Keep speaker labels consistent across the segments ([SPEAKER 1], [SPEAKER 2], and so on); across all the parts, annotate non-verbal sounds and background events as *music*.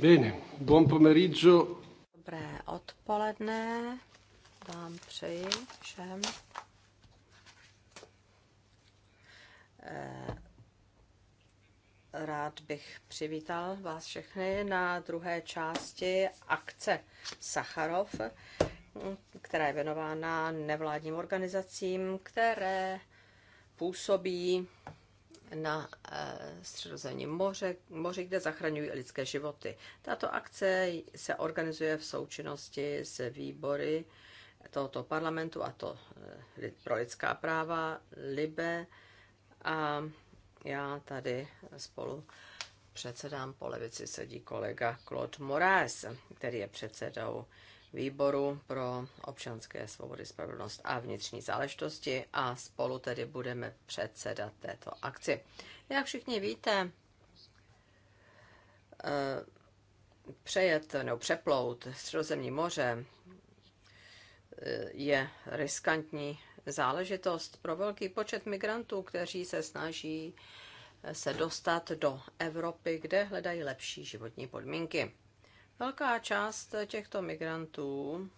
[SPEAKER 1] Bene, buon pomeriggio.
[SPEAKER 2] Dobré odpoledne vám přeji všem. Eh, rád bych přivítal vás všechny na druhé části akce Sacharov, která je věnována nevládním organizacím, které působí na eh, středozemním moře, moři, kde zachraňují lidské životy. Tato akce se organizuje v součinnosti s výbory tohoto parlamentu, a to eh, pro lidská práva, LIBE, a já tady spolu předsedám, po levici sedí kolega Claude Moraes, který je předsedou výboru pro občanské svobody, spravedlnost a vnitřní záležitosti a spolu tedy budeme předsedat této akci. Jak všichni víte, eh, přejet nebo přeplout Středozemní moře eh, je riskantní záležitost pro velký počet migrantů, kteří se snaží se dostat do Evropy, kde hledají lepší životní podmínky. Velká část těchto migrantů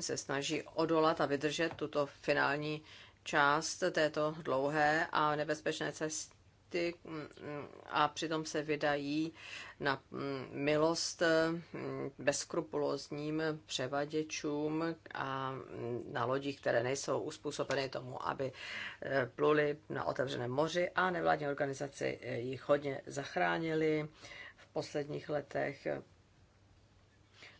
[SPEAKER 2] se snaží odolat a vydržet tuto finální část této dlouhé a nebezpečné cesty mm, a přitom se vydají na mm, milost mm, bezkrupulózním převaděčům a na lodích, které nejsou uspůsobeny tomu, aby eh, pluli na otevřeném moři a nevládní organizace eh, jich hodně zachránili posledních letech.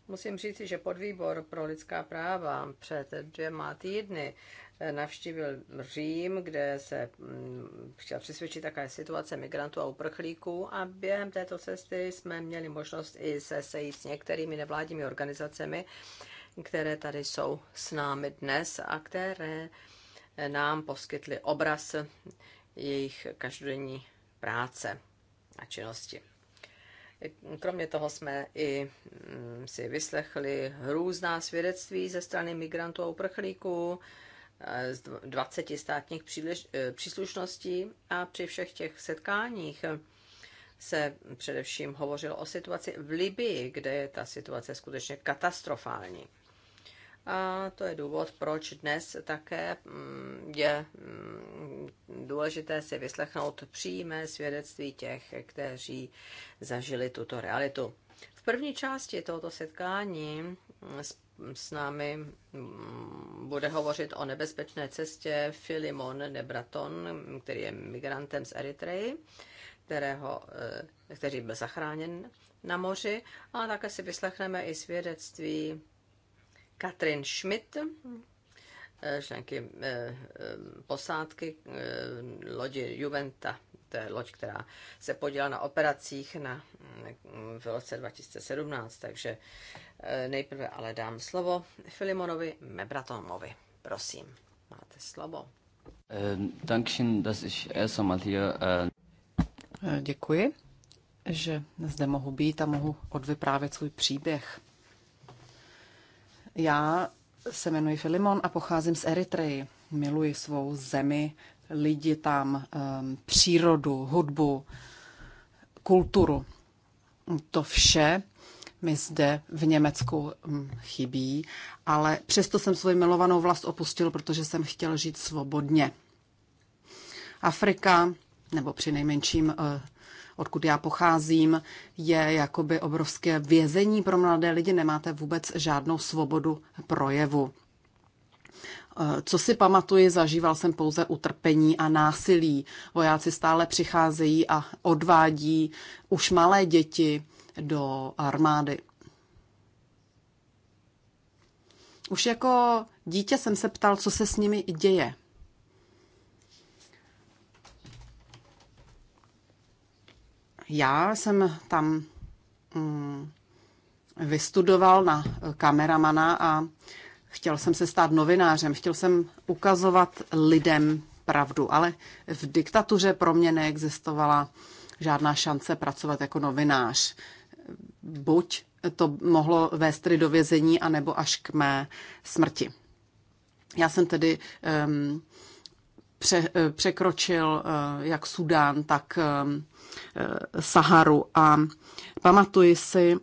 [SPEAKER 2] Musím říct, že podvýbor pro lidská práva před dvěma týdny eh, navštívil Řím, kde se mm, chtěl přesvědčit, také situace migrantů a uprchlíků a během této cesty jsme měli možnost i se sejít s některými nevládními organizacemi, které tady jsou s námi dnes a které eh, nám poskytly obraz jejich každodenní práce a činnosti. Kromě toho jsme i mm, si vyslechli různá svědectví ze strany migrantů a uprchlíků eh, z 20 státních eh, příslušností a při všech těch setkáních se především hovořilo o situaci v Libii, kde je ta situace skutečně katastrofální. A to je důvod, proč dnes také mm, je mm, důležité si vyslechnout přímé svědectví těch, kteří zažili tuto realitu. V první části tohoto setkání mm, s, námi bude hovořit o nebezpečné cestě Filimon Nebraton, který je migrantem z Eritreji, kterého, eh, který byl zachráněn na moři. A také si vyslechneme i svědectví Katrin Schmidt, eh, členky eh, eh, posádky lodi Juventa, to je loď, která se podílela na operacích na, mm, v roce 2017, takže nejprve ale dám slovo Filimonovi Mebratonovi. Prosím, máte slovo.
[SPEAKER 3] Dankeschön, dass ich erst einmal hier... Děkuji,
[SPEAKER 1] že zde mohu být a mohu odvyprávět svůj příběh. Já se jmenuji Filimon a pocházím z Eritreji. Miluji svou zemi, lidi tam, ehm, přírodu, hudbu, kulturu. To vše mi zde v Německu hm, chybí, ale přesto jsem svoji milovanou vlast opustil, protože jsem chtěl žít svobodně. Afrika, nebo při nejmenším eh, odkud já pocházím, je jakoby obrovské vězení pro mladé lidi, nemáte vůbec žádnou svobodu projevu. Eh, co si pamatuji, zažíval jsem pouze utrpení a násilí. Vojáci stále přicházejí a odvádí už malé děti do armády. Už jako dítě jsem se ptal, co se s nimi děje. Já jsem tam mm, vystudoval na kameramana a chtěl jsem se stát novinářem, chtěl jsem ukazovat lidem pravdu, ale v diktatuře pro mě neexistovala žádná šance pracovat jako novinář. Buď to mohlo vést tedy do vězení, anebo až k mé smrti. Já jsem tedy um, pře, eh, překročil uh, jak Sudán, tak um, Eh, Saharu a pamatuji si,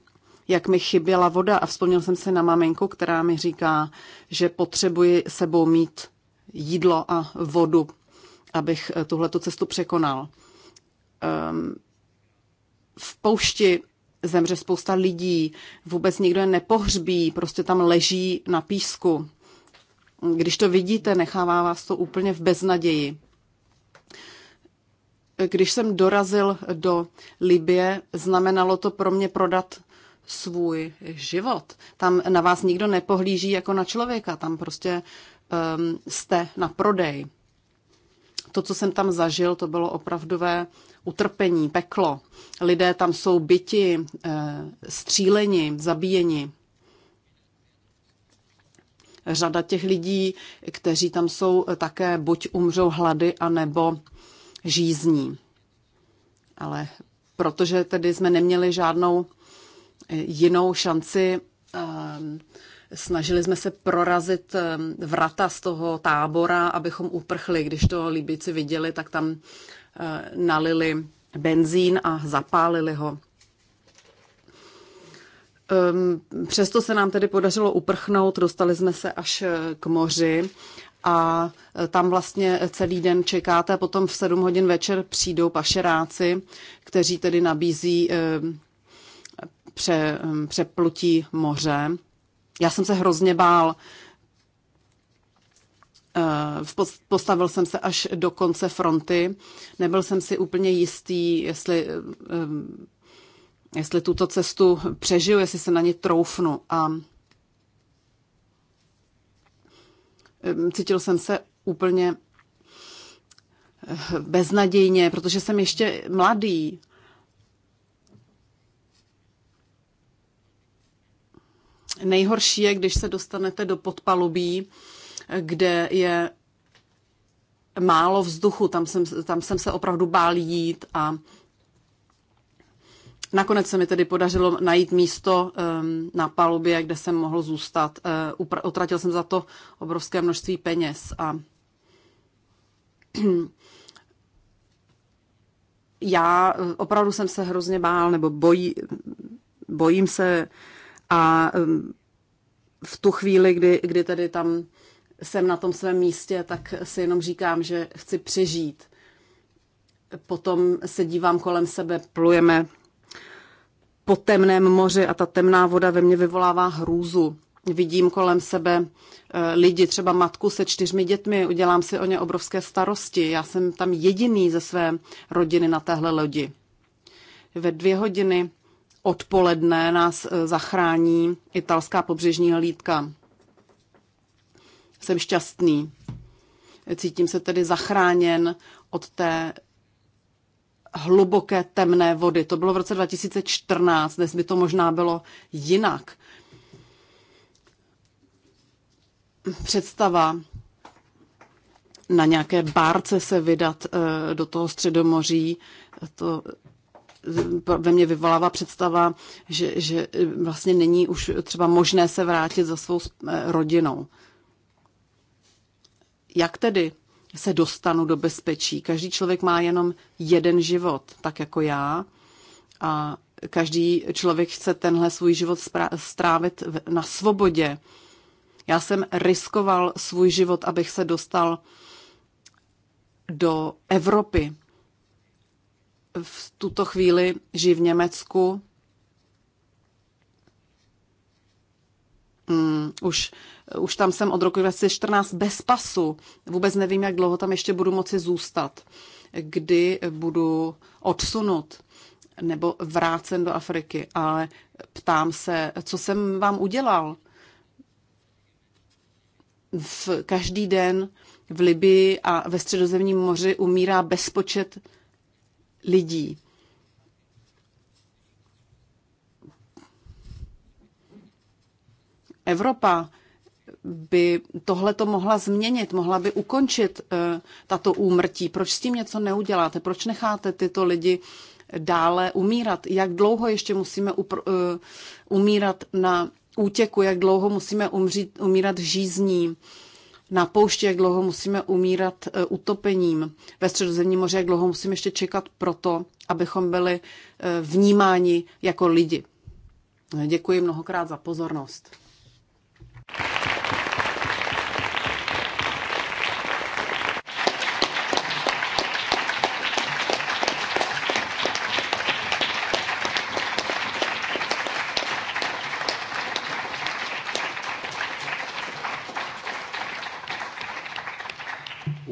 [SPEAKER 1] jak mi chyběla voda a vzpomněl jsem si na maminku, která mi říká, že potřebuji sebou mít jídlo a vodu, abych eh, tuhletu cestu překonal. Ehm, v poušti zemře spousta lidí, vůbec nikdo je nepohřbí, prostě tam leží na písku. Když to vidíte, nechává vás to úplně v beznaději. Když jsem dorazil do Libie, znamenalo to pro mě prodat svůj život. Tam na vás nikdo nepohlíží jako na člověka, tam prostě um, jste na prodej. To, co jsem tam zažil, to bylo opravdové utrpení, peklo. Lidé tam jsou byti, eh, stříleni, zabíjeni. Řada těch lidí, kteří tam jsou, eh, také buď umřou hlady, anebo žízní. Ale protože tedy jsme neměli žádnou eh, jinou šanci, eh, snažili jsme se prorazit eh, vrata z toho tábora, abychom uprchli. Když to Libici viděli, tak tam nalili benzín a zapálili ho. Ehm, přesto se nám tedy podařilo uprchnout, dostali jsme se až k moři a e, tam vlastně celý den čekáte, potom v 7 hodin večer přijdou pašeráci, kteří tedy nabízí e, pře, přeplutí moře. Já jsem se hrozně bál, e, Postavil jsem se až do konce fronty. Nebyl jsem si úplně jistý, jestli, jestli tuto cestu přežiju, jestli se na ně troufnu. A cítil jsem se úplně eh, beznadějně, protože jsem ještě mladý. Nejhorší je, když se dostanete do podpalubí, kde je málo vzduchu, tam jsem, tam jsem se opravdu bál jít a Nakonec se mi tedy podařilo najít místo na palubě, kde jsem mohl zůstat. Otratil eh, jsem za to obrovské množství peněz a *clears throat* já eh, opravdu jsem se hrozně bál, nebo bojí, bojím se a v tu chvíli, kdy, kdy tedy tam jsem na tom svém místě, tak si jenom říkám, že chci přežít. Potom se dívám kolem sebe, plujeme po temném moři a ta temná voda ve mně vyvolává hrůzu. Vidím kolem sebe eh, lidi, třeba matku se čtyřmi dětmi, udělám si o ně obrovské starosti. Já jsem tam jediný ze své rodiny na téhle lodi. Ve dvě hodiny odpoledne nás eh, zachrání italská pobřežní hlídka. Jsem šťastný. Cítím se tedy zachráněn od té hluboké temné vody. To bylo v roce 2014, dnes by to možná bylo jinak. Představa na nějaké bárce se vydat eh, do toho středomoří, to eh, ve mně vyvolává představa, že, že eh, vlastně není už třeba možné se vrátit za svou rodinou. Jak tedy se dostanu do bezpečí. Každý člověk má jenom jeden život, tak jako já. A každý člověk chce tenhle svůj život strávit na svobodě. Já jsem riskoval svůj život, abych se dostal do Evropy. V tuto chvíli žiji v Německu. Mm, už už tam jsem od roku 2014 bez pasu. Vůbec nevím, jak dlouho tam ještě budu moci zůstat, kdy budu odsunut nebo vrácen do Afriky, ale ptám se, co jsem vám udělal. V každý den v Libii a ve středozemním moři umírá bezpočet lidí. Evropa by tohle to mohla změnit, mohla by ukončit eh, tato úmrtí. Proč s tím něco neuděláte? Proč necháte tyto lidi dále umírat? Jak dlouho ještě musíme eh, umírat na útěku? Jak dlouho musíme umřít, umírat žízní? Na poušti, jak dlouho musíme umírat eh, utopením ve středozemním moře, jak dlouho musíme ještě čekat proto, abychom byli vnímáni jako lidi. Děkuji mnohokrát za pozornost.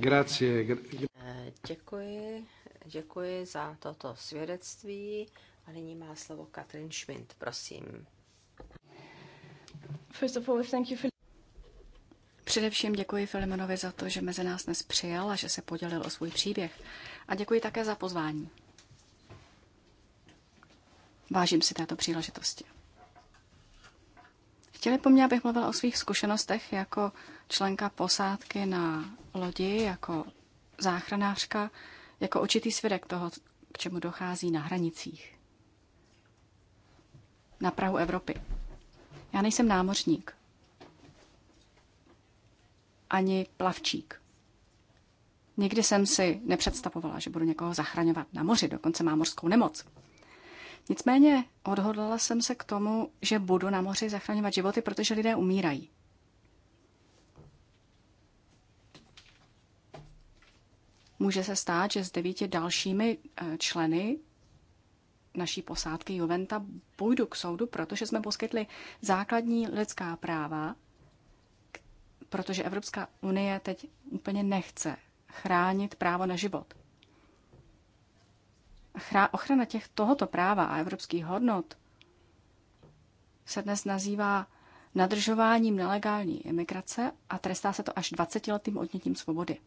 [SPEAKER 2] Grazie. Děkuji, děkuji za toto svědectví. A nyní má slovo Katrin Schmidt, prosím. First of
[SPEAKER 3] all, thank you for... Především děkuji Filimonovi za to, že mezi nás dnes přijal a že se podělil o svůj příběh. A děkuji také za pozvání. Vážím si této příležitosti. Chtěli po mně, abych mluvila o svých zkušenostech jako členka posádky na lodi jako záchranářka, jako očitý svědek toho, k čemu dochází na hranicích. Na Prahu Evropy. Já nejsem námořník. Ani plavčík. Nikdy jsem si nepředstavovala, že budu někoho zachraňovat na moři, dokonce má mořskou nemoc. Nicméně odhodlala jsem se k tomu, že budu na moři zachraňovat životy, protože lidé umírají. Může se stát, že s devíti dalšími eh, členy naší posádky Juventa půjdu k soudu, protože jsme poskytli základní lidská práva, protože Evropská unie teď úplně nechce chránit právo na život. ochrana těch tohoto práva a evropských hodnot se dnes nazývá nadržováním nelegální imigrace a trestá se to až 20-letým odnětím svobody.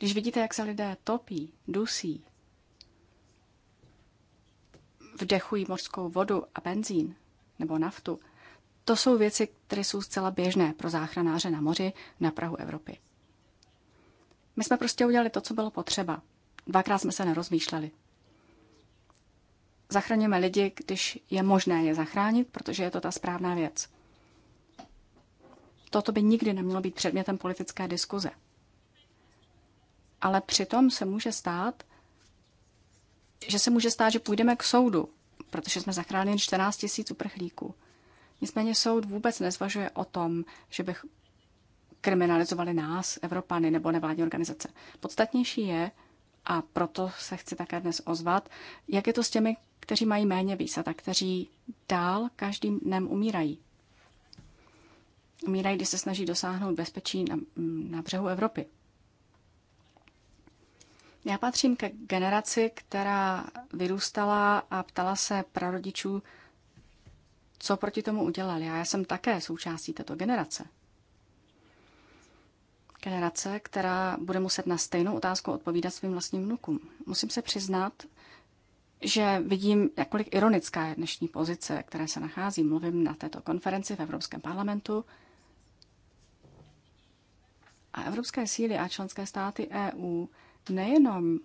[SPEAKER 3] Když vidíte, jak se lidé topí, dusí, vdechují mořskou vodu a benzín nebo naftu, to jsou věci, které jsou zcela běžné pro záchranáře na moři na Prahu Evropy. My jsme prostě udělali to, co bylo potřeba. Dvakrát jsme se nerozmýšleli. Zachraňujeme lidi, když je možné je zachránit, protože je to ta správná věc. Toto by nikdy nemělo být předmětem politické diskuze ale přitom se může stát, že se může stát, že půjdeme k soudu, protože jsme zachránili 14 tisíc uprchlíků. Nicméně soud vůbec nezvažuje o tom, že bych kriminalizovali nás, Evropany nebo nevládní organizace. Podstatnější je, a proto se chci také dnes ozvat, jak je to s těmi, kteří mají méně výsad a kteří dál každým dnem umírají. Umírají, když se snaží dosáhnout bezpečí na, na břehu Evropy. Já patřím ke generaci, která vyrůstala a ptala se prarodičů, co proti tomu udělali. Já jsem také součástí této generace. Generace, která bude muset na stejnou otázku odpovídat svým vlastním vnukům. Musím se přiznat, že vidím, jakolik ironická je dnešní pozice, které se nachází. Mluvím na této konferenci v Evropském parlamentu. A evropské síly a členské státy EU nejenom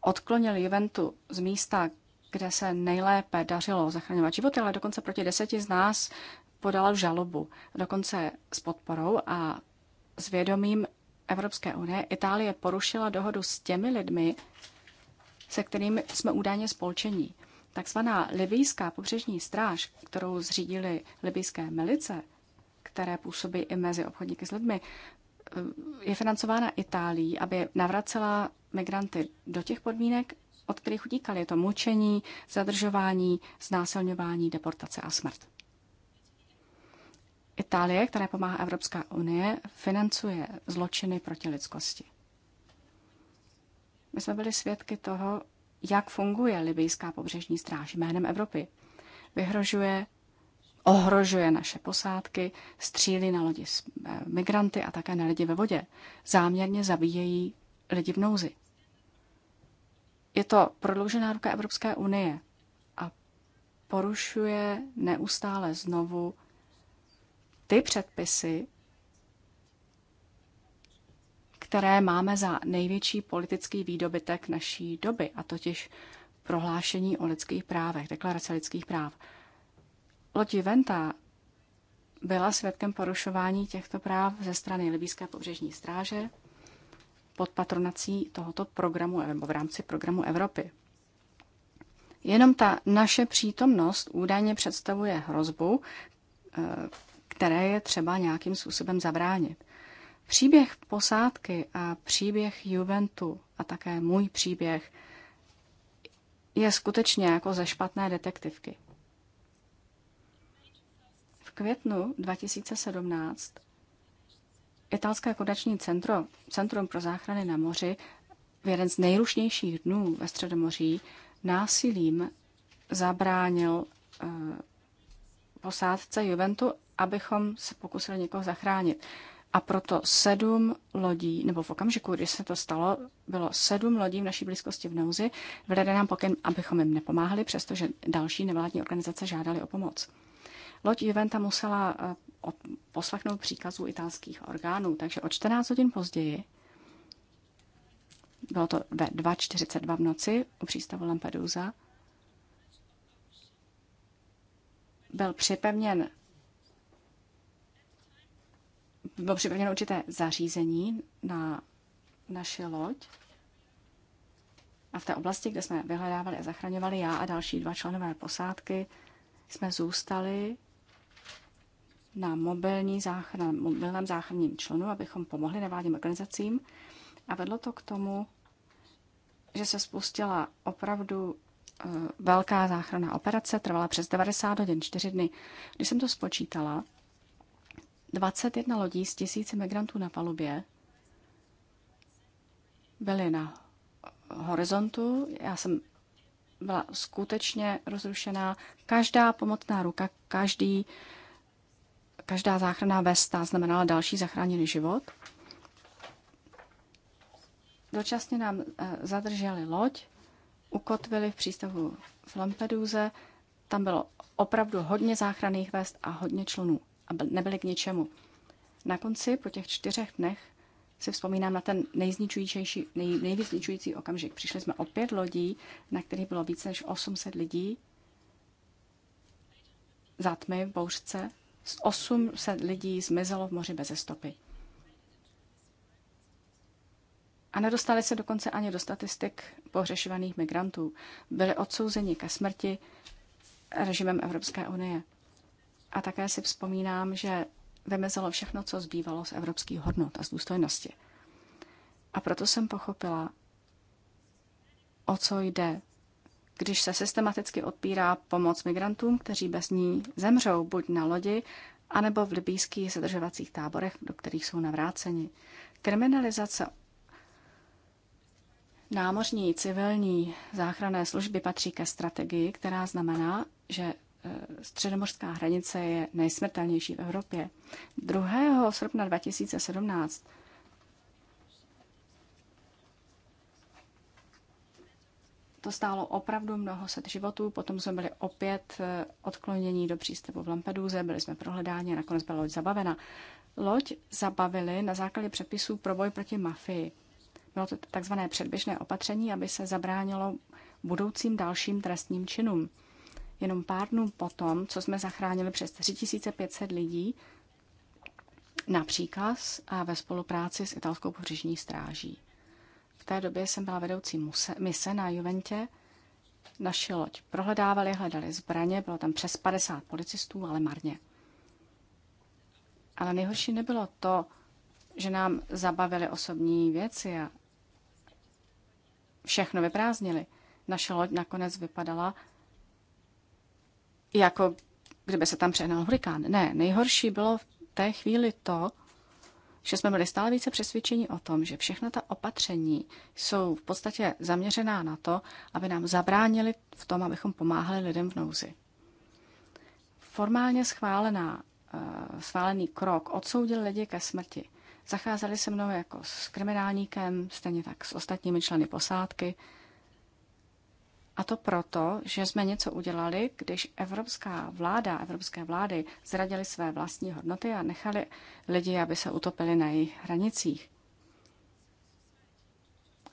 [SPEAKER 3] odklonil Juventu z místa, kde se nejlépe dařilo zachraňovat životy, ale dokonce proti deseti z nás podal žalobu, dokonce s podporou a s vědomím Evropské unie. Itálie porušila dohodu s těmi lidmi, se kterými jsme údajně spolčení. Takzvaná libijská pobřežní stráž, kterou zřídili libijské milice, které působí i mezi obchodníky s lidmi, Eh, je financována Itálií, aby navracela migranty do těch podmínek, od kterých utíkali. Je to mučení, zadržování, znásilňování, deportace a smrt. Itálie, která pomáhá Evropská unie, financuje zločiny proti lidskosti. My jsme byli svědky toho, jak funguje libijská pobřežní stráž jménem Evropy. Vyhrožuje ohrožuje naše posádky, střílí na lodi s eh, migranty a také na lidi ve vodě. Záměrně zabíjejí lidi v nouzi. Je to prodloužená ruka Evropské unie a porušuje neustále znovu ty předpisy, které máme za největší politický výdobytek naší doby, a totiž prohlášení o lidských právech, deklarace lidských práv. Lodi Venta byla svědkem porušování těchto práv ze strany Libýské pobřežní stráže pod patronací tohoto programu nebo v rámci programu Evropy. Jenom ta naše přítomnost údajně představuje hrozbu, eh, které je třeba nějakým způsobem zabránit. Příběh posádky a příběh Juventu a také můj příběh je skutečně jako ze špatné detektivky květnu 2017 Italské kodační centro, Centrum pro záchrany na moři, v jeden z nejrušnějších dnů ve Středomoří násilím zabránil eh, posádce Juventu, abychom se pokusili někoho zachránit. A proto sedm lodí, nebo v okamžiku, když se to stalo, bylo sedm lodí v naší blízkosti v nouzi, vedené nám pokyn, abychom jim nepomáhali, přestože další nevládní organizace žádali o pomoc. Loď Juventa musela eh, poslechnout příkazů italských orgánů, takže o 14 hodin později, bylo to ve 2.42 v noci u přístavu Lampedusa, byl připevněn bylo připevněno určité zařízení na naši loď. A v té oblasti, kde jsme vyhledávali a zachraňovali já a další dva členové posádky, jsme zůstali na, mobilní záchran, na mobilném záchranným člunu, abychom pomohli nevládním organizacím. A vedlo to k tomu, že se spustila opravdu eh, velká záchranná operace, trvala přes 90 hodin, 4 dny. Když jsem to spočítala, 21 lodí z tisíce migrantů na palubě byly na horizontu. Já jsem byla skutečně rozrušená. Každá pomocná ruka, každý Každá záchranná vesta znamenala další zachráněný život. Dočasně nám eh, zadrželi loď, ukotvili v přístavu v Lampeduze. Tam bylo opravdu hodně záchranných vest a hodně člunů a nebyly k ničemu. Na konci, po těch čtyřech dnech, si vzpomínám na ten nejzničující, nej, nejvyzničující okamžik. Přišli jsme o pět lodí, na kterých bylo více než 800 lidí za tmy v bouřce 800 lidí zmizelo v moři bez stopy. A nedostali se dokonce ani do statistik pohřešovaných migrantů. Byli odsouzeni ke smrti režimem Evropské unie. A také si vzpomínám, že vymezelo všechno, co zbývalo z evropských hodnot a z důstojnosti. A proto jsem pochopila, o co jde když se systematicky odpírá pomoc migrantům, kteří bez ní zemřou buď na lodi, anebo v libýských zadržovacích táborech, do kterých jsou navráceni. Kriminalizace námořní civilní záchranné služby patří ke strategii, která znamená, že e, středomořská hranice je nejsmrtelnější v Evropě. 2. srpna 2017 To stálo opravdu mnoho set životů, potom jsme byli opět eh, odklonění do přístavu v Lampeduze, byli jsme prohledáni a nakonec byla loď zabavena. Loď zabavili na základě předpisů pro boj proti mafii. Bylo to takzvané předběžné opatření, aby se zabránilo budoucím dalším trestním činům. Jenom pár dnů potom, co jsme zachránili přes 3500 lidí na příkaz a ve spolupráci s italskou pobřežní stráží. V té době jsem byla vedoucí muse, mise na Juventě. Naši loď prohledávali, hledali zbraně, bylo tam přes 50 policistů, ale marně. Ale nejhorší nebylo to, že nám zabavili osobní věci a všechno vyprázdnili. Naše loď nakonec vypadala jako kdyby se tam přehnal hurikán. Ne, nejhorší bylo v té chvíli to, že jsme byli stále více přesvědčeni o tom, že všechna ta opatření jsou v podstatě zaměřená na to, aby nám zabránili v tom, abychom pomáhali lidem v nouzi. Formálně schválená, eh, schválený krok odsoudil lidi ke smrti. Zacházeli se mnou jako s kriminálníkem, stejně tak s ostatními členy posádky, a to proto, že jsme něco udělali, když evropská vláda, evropské vlády zradili své vlastní hodnoty a nechali lidi, aby se utopili na jejich hranicích.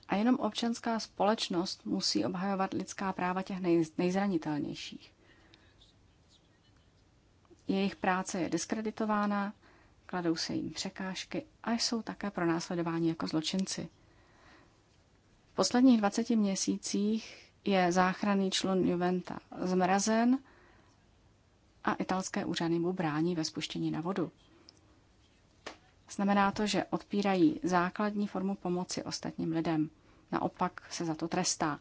[SPEAKER 3] A jenom občanská společnost musí obhajovat lidská práva těch nej, nejzranitelnějších. Jejich práce je diskreditována, kladou se jim překážky a jsou také pronásledováni jako zločinci. V posledních 20 měsících je záchranný člun Juventa zmrazen a italské úřady mu brání ve spuštění na vodu. Znamená to, že odpírají základní formu pomoci ostatním lidem. Naopak se za to trestá.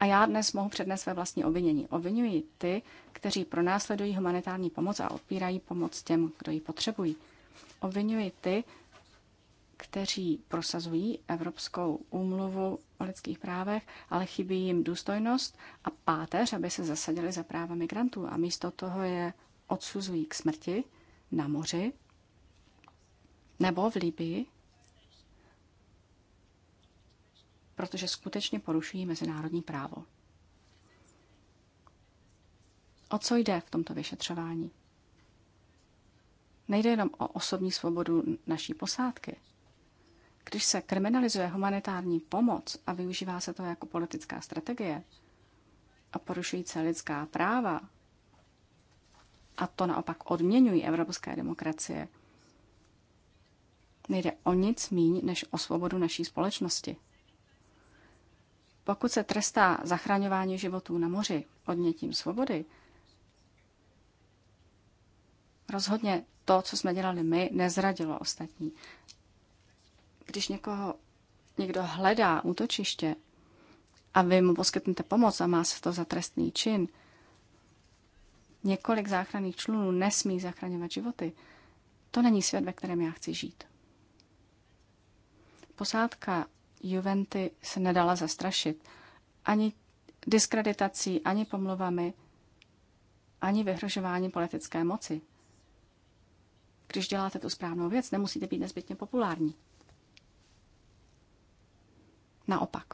[SPEAKER 3] A já dnes mohu přednést své vlastní obvinění. Obvinuji ty, kteří pronásledují humanitární pomoc a odpírají pomoc těm, kdo ji potřebují. Obvinuji ty, kteří prosazují Evropskou úmluvu o lidských právech, ale chybí jim důstojnost a páteř, aby se zasadili za práva migrantů. A místo toho je odsuzují k smrti na moři nebo v Libii, protože skutečně porušují mezinárodní právo. O co jde v tomto vyšetřování? Nejde jenom o osobní svobodu naší posádky, když se kriminalizuje humanitární pomoc a využívá se to jako politická strategie a porušují se lidská práva, a to naopak odměňují evropské demokracie, nejde o nic míň než o svobodu naší společnosti. Pokud se trestá zachraňování životů na moři odnětím svobody, rozhodně to, co jsme dělali my, nezradilo ostatní. Když někoho někdo hledá útočiště a vy mu poskytnete pomoc a má se to za trestný čin, několik záchranných člunů nesmí zachraňovat životy. To není svět, ve kterém já chci žít. Posádka Juventy se nedala zastrašit ani diskreditací, ani pomluvami, ani vyhrožováním politické moci. Když děláte tu správnou věc, nemusíte být nezbytně populární. Naopak.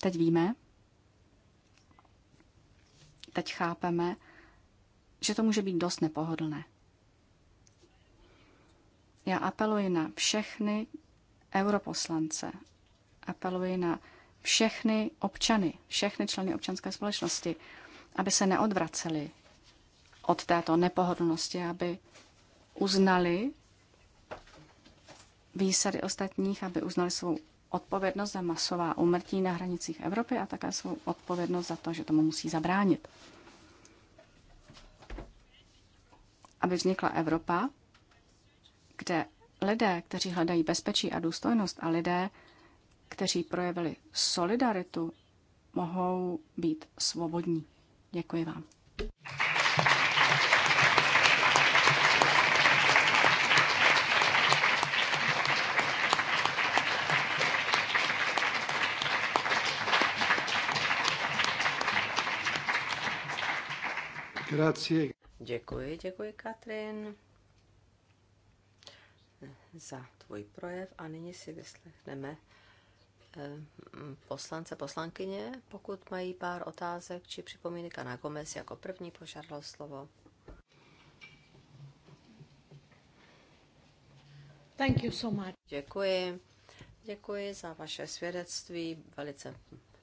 [SPEAKER 3] Teď víme, teď chápeme, že to může být dost nepohodlné. Já apeluji na všechny europoslance, apeluji na všechny občany, všechny členy občanské společnosti, aby se neodvraceli od této nepohodlnosti, aby uznali výsady ostatních, aby uznali svou odpovědnost za masová úmrtí na hranicích Evropy a také svou odpovědnost za to, že tomu musí zabránit. Aby vznikla Evropa, kde lidé, kteří hledají bezpečí a důstojnost a lidé, kteří projevili solidaritu, mohou být svobodní. Děkuji vám.
[SPEAKER 4] Grazie.
[SPEAKER 2] Děkuji, děkuji Katrin za tvůj projev a nyní si vyslechneme eh, poslance, poslankyně, pokud mají pár otázek či připomínek, na Gomez jako první požádal slovo. Thank you so much. Děkuji. Děkuji za vaše svědectví, velice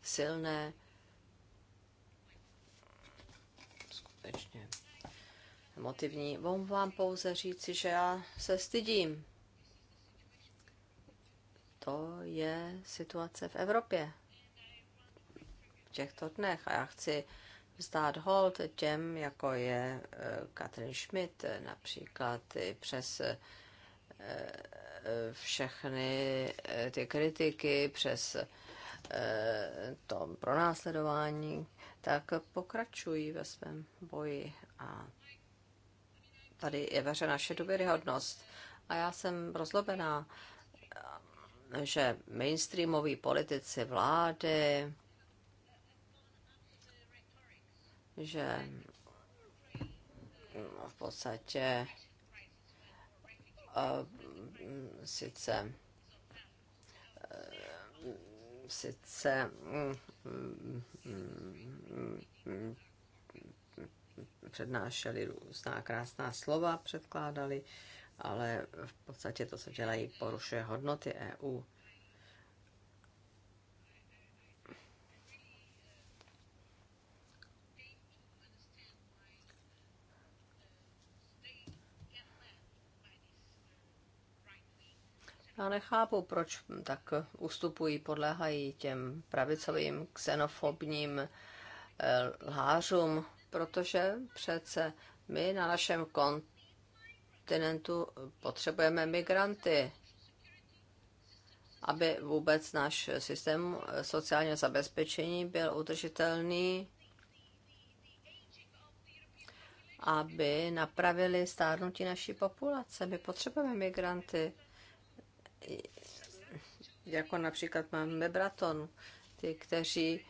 [SPEAKER 2] silné skutečně emotivní. Mohu vám pouze říci, že já se stydím. To je situace v Evropě v těchto dnech a já chci vzdát hold těm, jako je Katrin eh, Schmidt například i přes eh, eh, všechny ty kritiky, přes to pronásledování, tak pokračují ve svém boji a tady je veře naše důvěryhodnost. A já jsem rozlobená, že mainstreamoví politici vlády, že v podstatě eh, sice sice mm, mm, přednášeli různá krásná slova, předkládali, ale v podstatě to, co dělají, porušuje hodnoty EU. Já nechápu, proč tak ustupují, podléhají těm pravicovým xenofobním eh, lhářům, protože přece my na našem kontinentu potřebujeme migranty, aby vůbec náš systém sociálního zabezpečení byl udržitelný, aby napravili stárnutí naší populace. My potřebujeme migranty jako například máme Braton, ty, kteří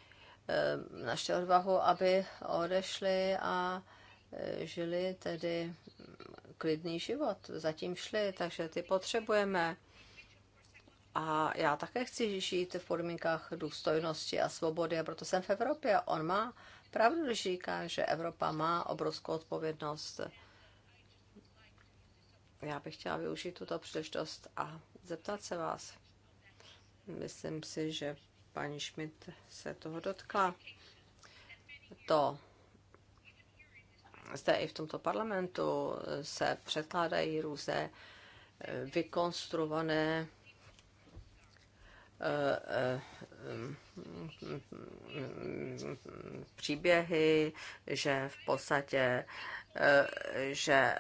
[SPEAKER 2] eh, našli odvahu, aby odešli a eh, žili tedy klidný život. Zatím šli, takže ty potřebujeme. A já také chci žít v podmínkách důstojnosti a svobody a proto jsem v Evropě. On má pravdu, když říká, že Evropa má obrovskou odpovědnost. Já bych chtěla využít tuto příležitost a zeptat se vás. Myslím si, že paní Schmidt se toho dotkla. To zde i v tomto parlamentu se předkládají různé eh, vykonstruované eh, eh, příběhy, že v podstatě že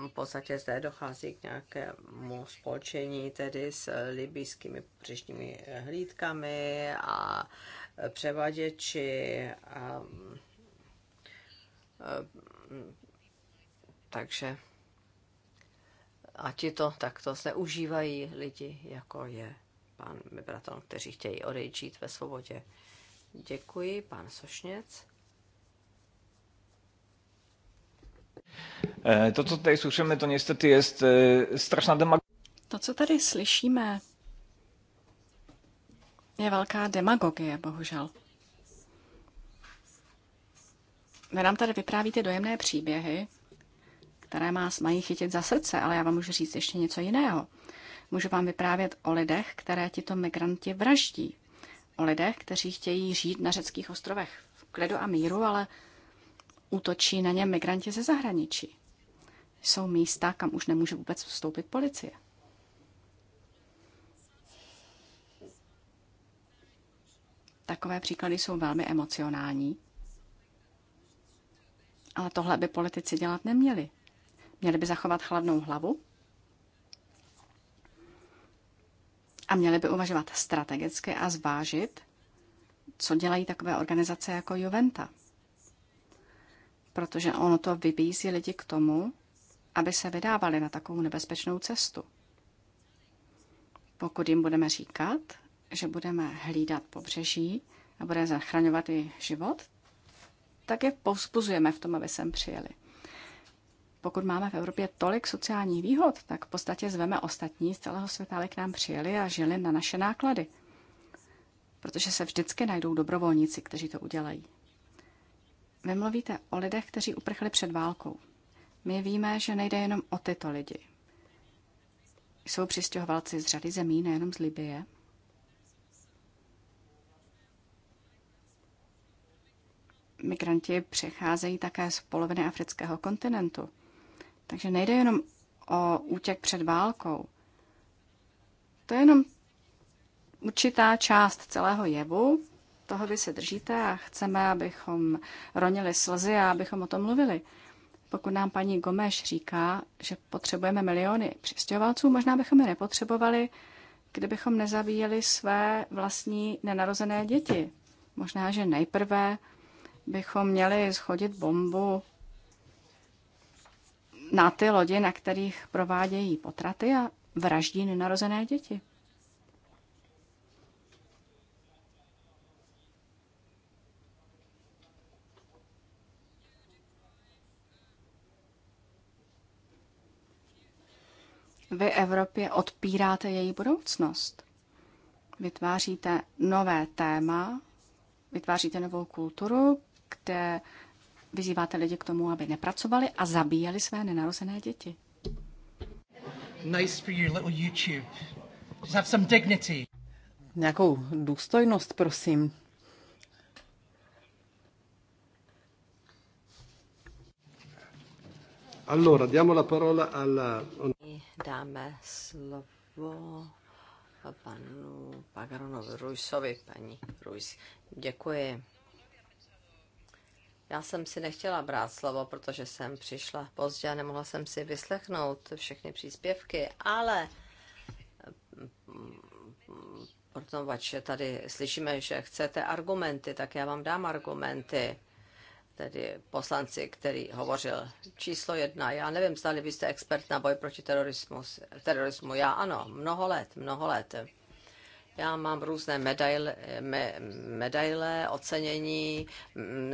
[SPEAKER 2] v podstatě zde dochází k nějakému spolčení tedy s libijskými pobřežními hlídkami a převaděči a takže a ti to takto zneužívají lidi, jako je pan Bebraton, kteří chtějí odejít žít ve svobodě. Děkuji, pán Sošněc. Eh, to, co tady slyšíme, to niestety eh, je strašná demagogie.
[SPEAKER 3] To, co tady slyšíme, je velká demagogie, bohužel. Vy nám tady vyprávíte dojemné příběhy, které má mají chytit za srdce, ale já vám můžu říct ještě něco jiného. Můžu vám vyprávět o lidech, které tito migranti vraždí. O lidech, kteří chtějí žít na řeckých ostrovech v klidu a míru, ale útočí na ně migranti ze zahraničí. Jsou místa, kam už nemůže vůbec vstoupit policie. Takové příklady jsou velmi emocionální. Ale tohle by politici dělat neměli. Měli by zachovat chladnou hlavu a měli by uvažovat strategicky a zvážit, co dělají takové organizace jako Juventa. Protože ono to vybízí lidi k tomu, aby se vydávali na takovou nebezpečnou cestu. Pokud jim budeme říkat, že budeme hlídat pobřeží a budeme zachraňovat jejich život, tak je povzbuzujeme v tom, aby sem přijeli pokud máme v Evropě tolik sociálních výhod, tak v podstatě zveme ostatní z celého světa, ale k nám přijeli a žili na naše náklady. Protože se vždycky najdou dobrovolníci, kteří to udělají. Vy mluvíte o lidech, kteří uprchli před válkou. My víme, že nejde jenom o tyto lidi. Jsou přistěhovalci z řady zemí, nejenom z Libie. Migranti přecházejí také z poloviny afrického kontinentu. Takže nejde jenom o útěk před válkou. To je jenom určitá část celého jevu, toho vy se držíte a chceme, abychom ronili slzy a abychom o tom mluvili. Pokud nám paní Gomeš říká, že potřebujeme miliony přistěhovalců, možná bychom je nepotřebovali, kdybychom nezabíjeli své vlastní nenarozené děti. Možná, že nejprve bychom měli schodit bombu na ty lodi, na kterých provádějí potraty a vraždí nenarozené děti. Vy Evropě odpíráte její budoucnost. Vytváříte nové téma, vytváříte novou kulturu, kde vyzýváte lidi k tomu, aby nepracovali a zabíjeli své nenarozené děti.
[SPEAKER 4] Nice for your little YouTube. Just have some dignity.
[SPEAKER 1] Nějakou důstojnost, prosím.
[SPEAKER 3] Allora, diamo la parola
[SPEAKER 2] alla... Dáme slovo panu Pagaronovi Rujsovi, paní Rujs. Děkuji. Já jsem si nechtěla brát slovo, protože jsem přišla pozdě a nemohla jsem si vyslechnout všechny příspěvky, ale protože tady slyšíme, že chcete argumenty, tak já vám dám argumenty. Tedy poslanci, který hovořil číslo jedna. Já nevím, zdali vy jste expert na boj proti terorismu. terorismu. Já ano, mnoho let, mnoho let. Já mám různé medaile, me, medaile ocenění, mm,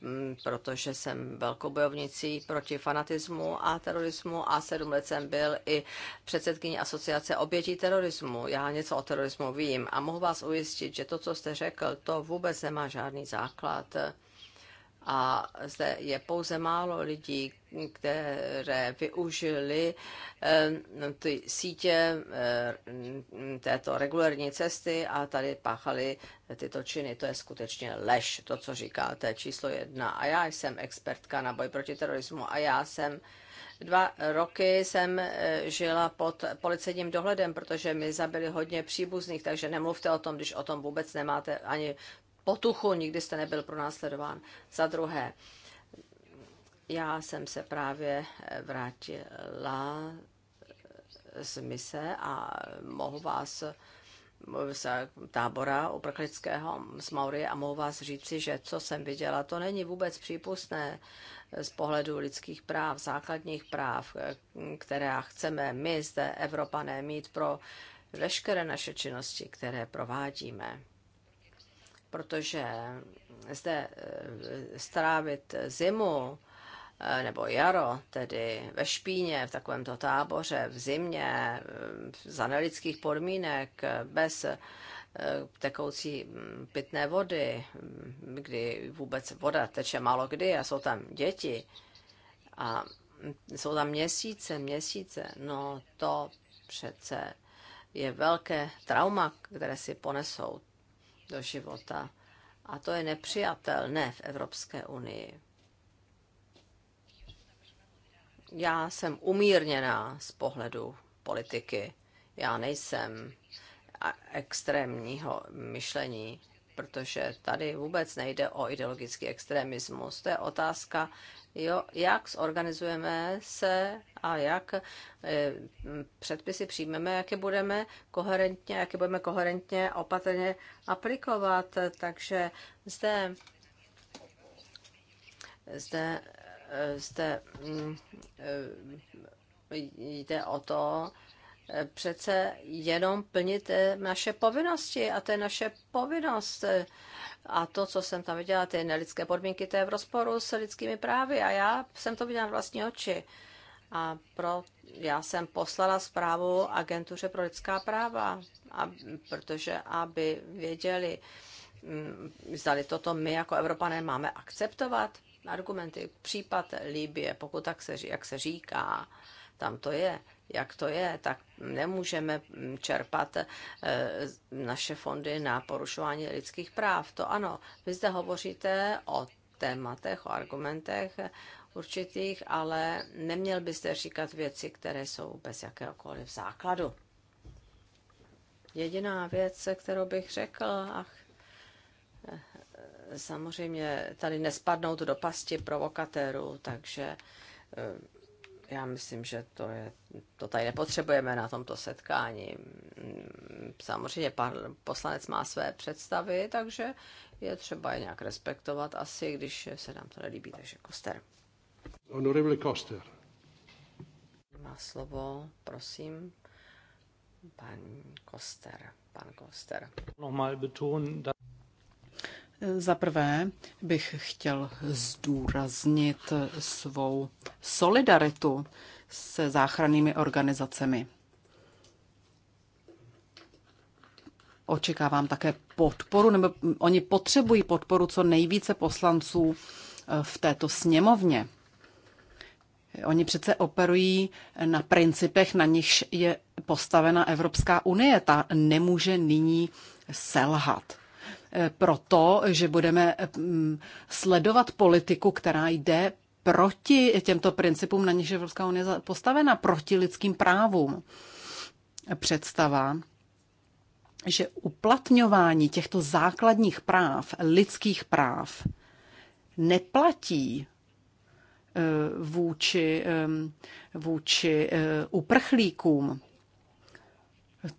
[SPEAKER 2] mm, protože jsem velkou bojovnicí proti fanatismu a terorismu a sedm let jsem byl i předsedkyní asociace obětí terorismu. Já něco o terorismu vím a mohu vás ujistit, že to, co jste řekl, to vůbec nemá žádný základ a zde je pouze málo lidí, které využili eh, ty sítě eh, této regulární cesty a tady páchali tyto činy. To je skutečně lež, to, co říkáte, číslo jedna. A já jsem expertka na boj proti terorismu a já jsem dva roky jsem eh, žila pod policejním dohledem, protože mi zabili hodně příbuzných, takže nemluvte o tom, když o tom vůbec nemáte ani potuchu, nikdy jste nebyl pronásledován. Za druhé, já jsem se právě vrátila z mise a mohu vás z tábora uprchlického z Maury a mohu vás říci, že co jsem viděla, to není vůbec přípustné z pohledu lidských práv, základních práv, které chceme my zde, Evropané, mít pro veškeré naše činnosti, které provádíme protože zde eh, strávit zimu eh, nebo jaro, tedy ve špíně, v takovémto táboře, v zimě, eh, za nelidských podmínek, bez tekoucí mm, pitné vody, mm, kdy vůbec voda teče málo kdy a jsou tam děti a jsou tam měsíce, měsíce, no to přece je velké trauma, které si ponesou do života. A to je nepřijatelné v Evropské unii. Já jsem umírněná z pohledu politiky. Já nejsem extrémního myšlení protože tady vůbec nejde o ideologický extremismus. To je otázka, jo, jak zorganizujeme se a jak e, předpisy přijmeme, jak je budeme koherentně, jak je budeme koherentně opatrně aplikovat. Takže zde, zde, e, zde mm, e, jde o to, přece jenom plnit eh, naše povinnosti a to je naše povinnost. A to, co jsem tam viděla, ty nelidské podmínky, to je v rozporu s lidskými právy a já jsem to viděla vlastní oči. A pro, já jsem poslala zprávu agentuře pro lidská práva, a, protože aby věděli, mm, zdali toto my jako Evropané máme akceptovat. Argumenty, případ Líbie, pokud tak se, jak se říká, tam to je, jak to je, tak nemůžeme čerpat eh, naše fondy na porušování lidských práv. To ano, vy zde hovoříte o tématech, o argumentech určitých, ale neměl byste říkat věci, které jsou bez jakéhokoliv základu. Jediná věc, kterou bych řekl, ach, eh, samozřejmě tady nespadnout do pasti provokatérů, takže eh, já myslím, že to, je, to tady nepotřebujeme na tomto setkání. Samozřejmě pan poslanec má své představy, takže je třeba je nějak respektovat asi, když se nám to nelíbí. Takže Koster.
[SPEAKER 3] Honorable Koster.
[SPEAKER 2] Má slovo, prosím. Pan Koster. Pan Koster. Nochmal betonen,
[SPEAKER 1] za prvé bych chtěl zdůraznit svou solidaritu se záchrannými organizacemi. Očekávám také podporu, nebo oni potřebují podporu co nejvíce poslanců eh, v této sněmovně. Oni přece operují na principech, na nichž je postavena Evropská unie. Ta nemůže nyní selhat proto, že budeme mm, sledovat politiku, která jde proti těmto principům, na nichž Evropská unie postavena, proti lidským právům. Představa, že uplatňování těchto základních práv, lidských práv, neplatí e, vůči, e, vůči e, uprchlíkům.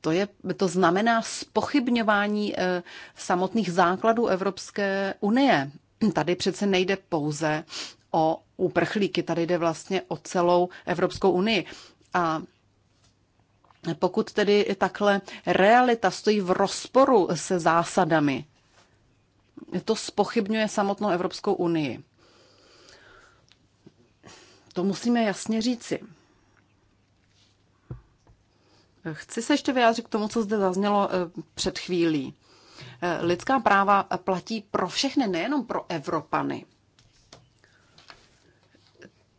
[SPEAKER 1] To, je, to znamená spochybňování eh, samotných základů Evropské unie. Tady přece nejde pouze o uprchlíky, tady jde vlastně o celou Evropskou unii. A pokud tedy takhle realita stojí v rozporu se zásadami, to spochybňuje samotnou Evropskou unii. To musíme jasně říci. Chci se ještě vyjádřit k tomu, co zde zaznělo eh, před chvílí. Eh, lidská práva platí pro všechny, nejenom pro Evropany.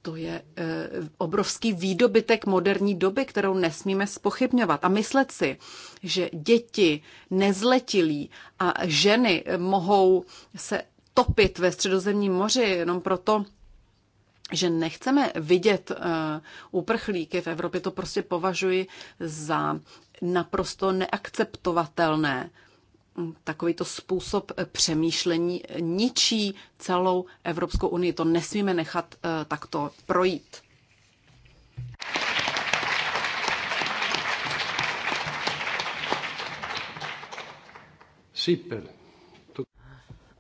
[SPEAKER 1] To je eh, obrovský výdobytek moderní doby, kterou nesmíme spochybňovat. A myslet si, že děti, nezletilí a ženy mohou se topit ve středozemním moři jenom proto, že nechceme vidět eh, uprchlíky v Evropě, to prostě považuji za naprosto neakceptovatelné. Mm, takovýto způsob eh, přemýšlení ničí celou Evropskou unii. To nesmíme nechat eh, takto projít.
[SPEAKER 2] Sipel.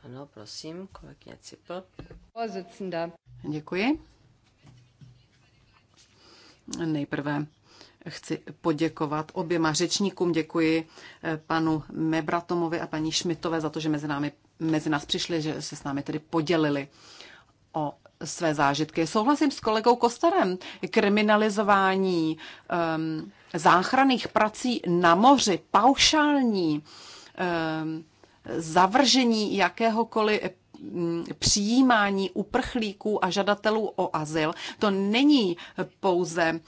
[SPEAKER 2] Ano, prosím, kolegyně Cipl. Děkuji.
[SPEAKER 1] Nejprve chci poděkovat oběma řečníkům. Děkuji eh, panu Mebratomovi a paní Šmitové za to, že mezi, námi, mezi nás přišli, že se s námi tedy podělili o své zážitky. Souhlasím s kolegou Kostarem. Kriminalizování um, záchranných prací na moři, paušální um, zavržení jakéhokoliv přijímání uprchlíků a žadatelů o azyl, to není pouze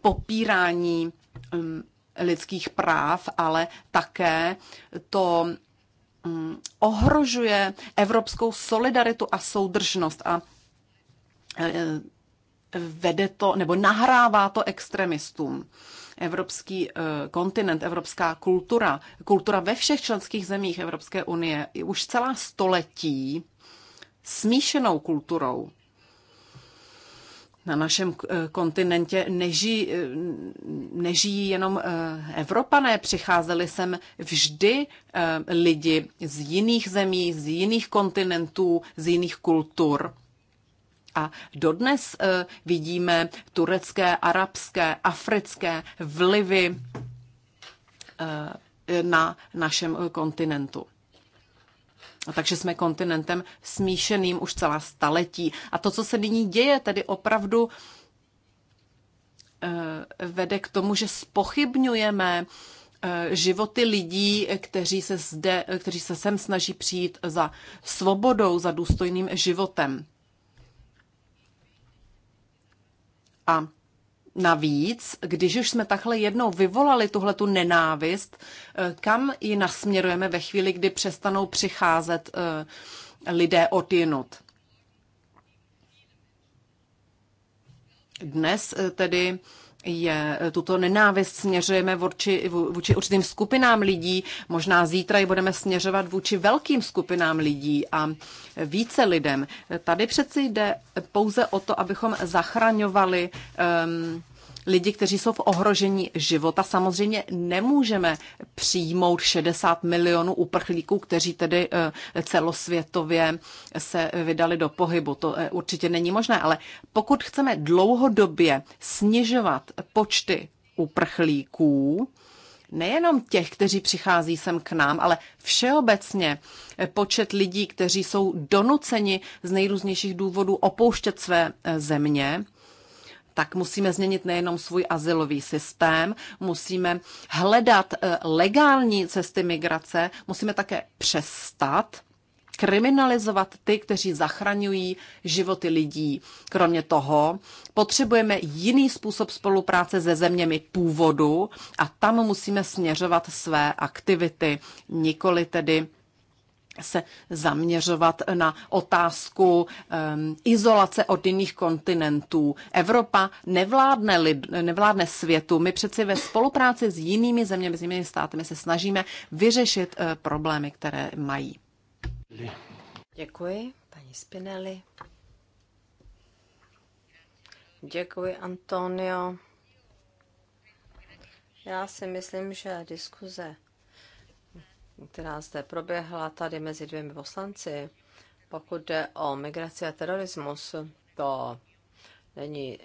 [SPEAKER 1] popírání mm, lidských práv, ale také to mm, ohrožuje evropskou solidaritu a soudržnost a e, vede to nebo nahrává to extremistům. Evropský e, kontinent, evropská kultura, kultura ve všech členských zemích Evropské unie už celá století smíšenou kulturou. Na našem eh, kontinentě nežijí, eh, nežijí jenom eh, Evropané, přicházeli sem vždy lidi z jiných zemí, z jiných kontinentů, z jiných kultur. A dodnes vidíme turecké, arabské, africké vlivy na našem kontinentu. Takže jsme kontinentem smíšeným už celá staletí. A to, co se nyní děje, tedy opravdu eh, vede k tomu, že spochybňujeme eh, životy lidí, kteří se, zde, kteří se sem snaží přijít za svobodou, za důstojným životem. A Navíc, když už jsme takhle jednou vyvolali tuhle tu nenávist, eh, kam ji nasměrujeme ve chvíli, kdy přestanou přicházet eh, lidé od jinut? Dnes eh, tedy je, tuto nenávist směřujeme vůči, vůči určitým skupinám lidí, možná zítra ji budeme směřovat vůči velkým skupinám lidí a více lidem. Tady přeci jde pouze o to, abychom zachraňovali um, lidi, kteří jsou v ohrožení života. Samozřejmě nemůžeme přijmout 60 milionů uprchlíků, kteří tedy eh, celosvětově se vydali do pohybu. To eh, určitě není možné, ale pokud chceme dlouhodobě snižovat počty uprchlíků, nejenom těch, kteří přichází sem k nám, ale všeobecně eh, počet lidí, kteří jsou donuceni z nejrůznějších důvodů opouštět své země, tak musíme změnit nejenom svůj asilový systém, musíme hledat eh, legální cesty migrace, musíme také přestat kriminalizovat ty, kteří zachraňují životy lidí. Kromě toho potřebujeme jiný způsob spolupráce se zeměmi původu a tam musíme směřovat své aktivity, nikoli tedy se zaměřovat na otázku um, izolace od jiných kontinentů. Evropa nevládne, lid, nevládne světu. My přeci ve spolupráci s jinými zeměmi, s jinými státy se snažíme vyřešit uh, problémy, které mají.
[SPEAKER 2] Děkuji, paní Spinelli. Děkuji, Antonio. Já si myslím, že diskuze která zde proběhla tady mezi dvěmi poslanci, pokud jde o migraci a terorismus, to není,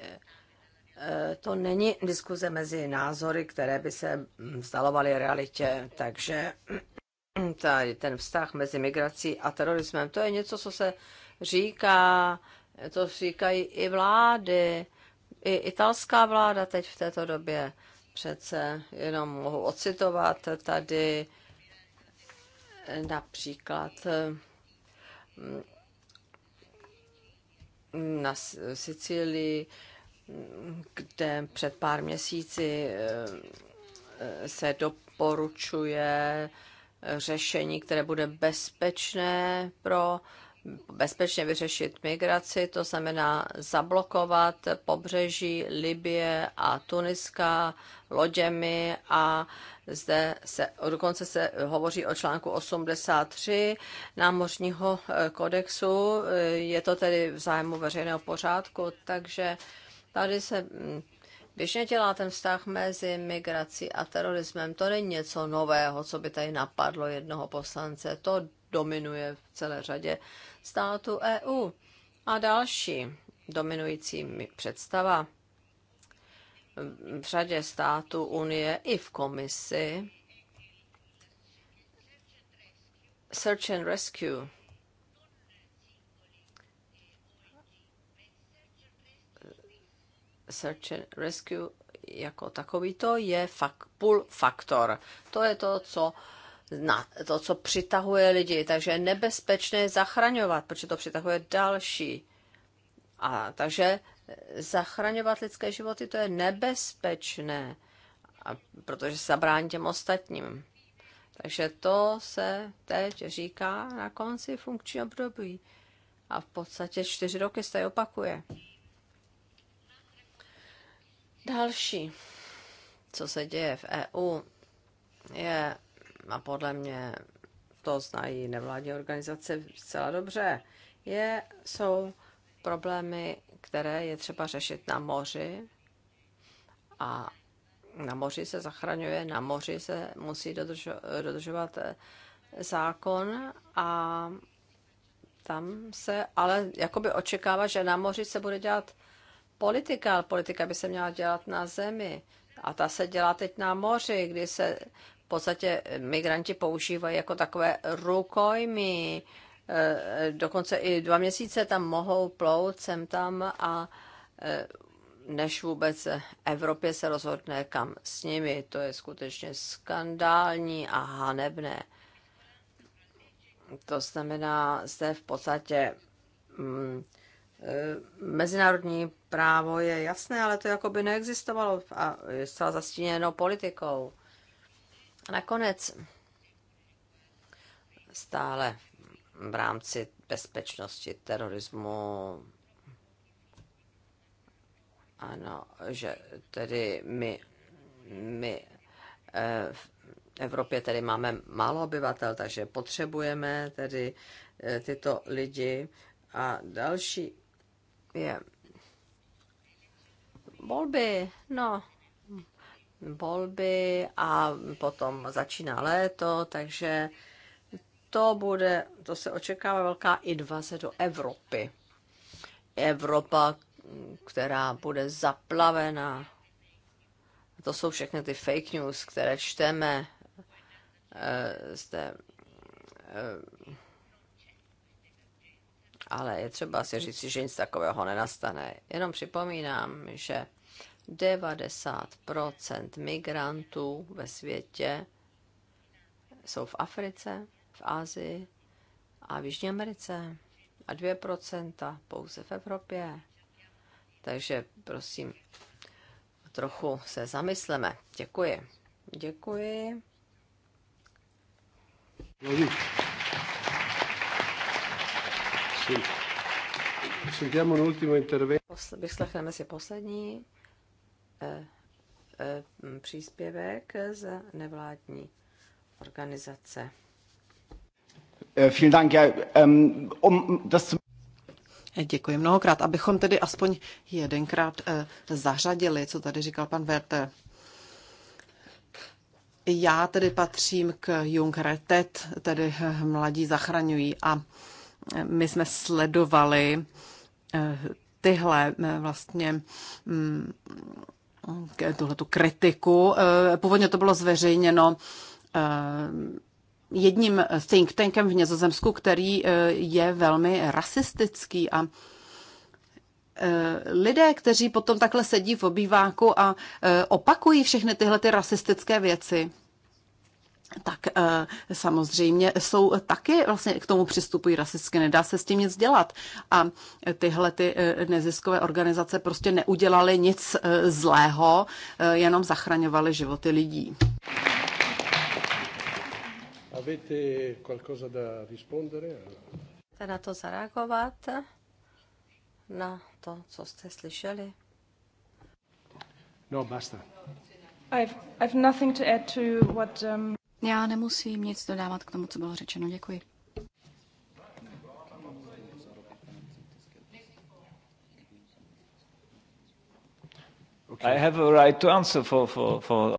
[SPEAKER 2] eh, to není diskuze mezi názory, které by se vzdalovaly realitě, takže tady ten vztah mezi migrací a terorismem, to je něco, co se říká, to říkají i vlády, i italská vláda teď v této době přece jenom mohu ocitovat tady například mm, na Sicílii, kde před pár měsíci eh, se doporučuje řešení, které bude bezpečné pro bezpečně vyřešit migraci, to znamená zablokovat pobřeží Libie a Tuniska loděmi a zde se, dokonce se hovoří o článku 83 námořního eh, kodexu, eh, je to tedy v zájmu veřejného pořádku, takže tady se hm, běžně dělá ten vztah mezi migrací a terorismem. To není něco nového, co by tady napadlo jednoho poslance. To dominuje v celé řadě států EU. A další dominující představa v řadě států Unie i v komisi Search and Rescue. Search and Rescue jako takovýto je fak, pull faktor. To je to, co uh, na to, co přitahuje lidi. Takže je nebezpečné zachraňovat, protože to přitahuje další. A takže zachraňovat lidské životy, to je nebezpečné, protože se zabrání těm ostatním. Takže to se teď říká na konci funkční období. A v podstatě čtyři roky se opakuje. Další, co se děje v EU, je a podle mě to znají nevládní organizace zcela dobře, je, jsou problémy, které je třeba řešit na moři a na moři se zachraňuje, na moři se musí dodržo, dodržovat eh, zákon a tam se, ale jakoby očekává, že na moři se bude dělat politika, ale politika by se měla dělat na zemi. A ta se dělá teď na moři, kdy se podstatě migranti používají jako takové rukojmy. E, dokonce i dva měsíce tam mohou plout sem tam a e, než vůbec Evropě se rozhodne, kam s nimi. To je skutečně skandální a hanebné. To znamená, zde v podstatě mm, e, mezinárodní právo je jasné, ale to jako by neexistovalo a je zcela zastíněno politikou. A nakonec stále v rámci bezpečnosti terorismu ano, že tedy my, my eh, v Evropě tedy máme málo obyvatel, takže potřebujeme tedy eh, tyto lidi. A další je volby. No, volby a potom začíná léto, takže to bude, to se očekává velká invaze do Evropy. Evropa, která bude zaplavena. To jsou všechny ty fake news, které čteme eh, zde. Eh, ale je třeba si říct, že nic takového nenastane. Jenom připomínám, že 90 migrantů ve světě jsou v Africe, v Asii a v Jižní Americe a 2 pouze v Evropě. Takže prosím, trochu se zamysleme. Děkuji. Děkuji. Vyslechneme si poslední E, e, příspěvek z nevládní organizace.
[SPEAKER 3] E, vielen Dank. Ähm, um das
[SPEAKER 1] Děkuji mnohokrát. Abychom tedy aspoň jedenkrát zařadili, co tady říkal pan Verte. Já tedy patřím k Junkeretet, tedy mladí zachraňují a my jsme sledovali tyhle vlastně mm, tuhletu kritiku. Eh, původně to bylo zveřejněno eh, jedním think tankem v Nězozemsku, který eh, je velmi rasistický a lidé, kteří potom takhle sedí v obýváku a opakují všechny tyhle ty rasistické věci, tak eh, samozřejmě jsou taky vlastně k tomu přistupují rasisticky, nedá se s tím nic dělat. A tyhle ty eh, neziskové organizace prostě neudělaly nic eh, zlého, jenom zachraňovaly životy lidí.
[SPEAKER 3] Avete qualcosa da rispondere?
[SPEAKER 2] Chcete na to zareagovat? Na to, co jste slyšeli? No, basta. I've, I've nothing to add to what... Um... Já nemusím nic dodávat
[SPEAKER 3] k tomu, co bylo řečeno. Děkuji.
[SPEAKER 2] I have a right to answer for, for, for...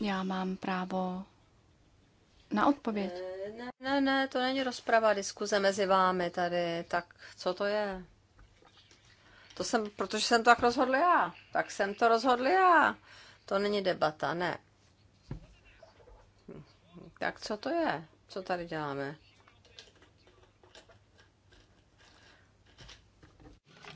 [SPEAKER 3] Já mám právo na
[SPEAKER 2] odpověď. Ne, ne, ne, to není rozprava, diskuze mezi vámi tady. Tak co to je? To jsem, protože jsem to tak rozhodl já. Tak jsem to rozhodl já. To není debata, ne. Tak co to je? Co tady děláme?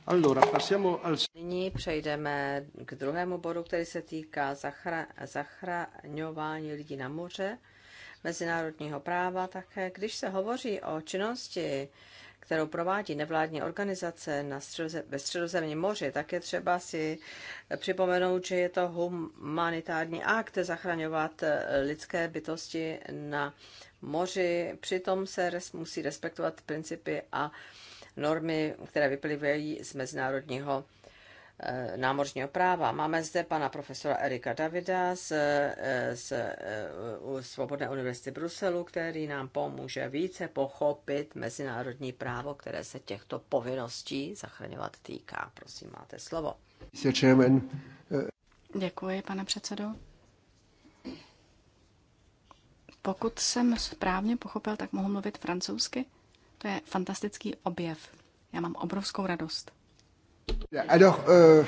[SPEAKER 2] Allora, passiamo al... Nyní přejdeme k druhému bodu, který se týká zachra... zachraňování lidí na moře, mezinárodního práva také. Když se hovoří o činnosti kterou provádí nevládní organizace na středoze- ve středozemním moři, tak je třeba si připomenout, že je to humanitární akt zachraňovat lidské bytosti na moři. Přitom se res- musí respektovat principy a normy, které vyplývají z mezinárodního Eh, námořního práva. Máme zde pana profesora Erika Davida z, eh, z, eh, Svobodné univerzity Bruselu, který nám pomůže více pochopit mezinárodní právo, které se těchto povinností zachraňovat týká. Prosím, máte slovo. Děkuji,
[SPEAKER 3] pane předsedo.
[SPEAKER 2] Pokud jsem
[SPEAKER 3] správně pochopil, tak mohu mluvit francouzsky. To je fantastický objev. Já mám
[SPEAKER 2] obrovskou radost. Alors, euh,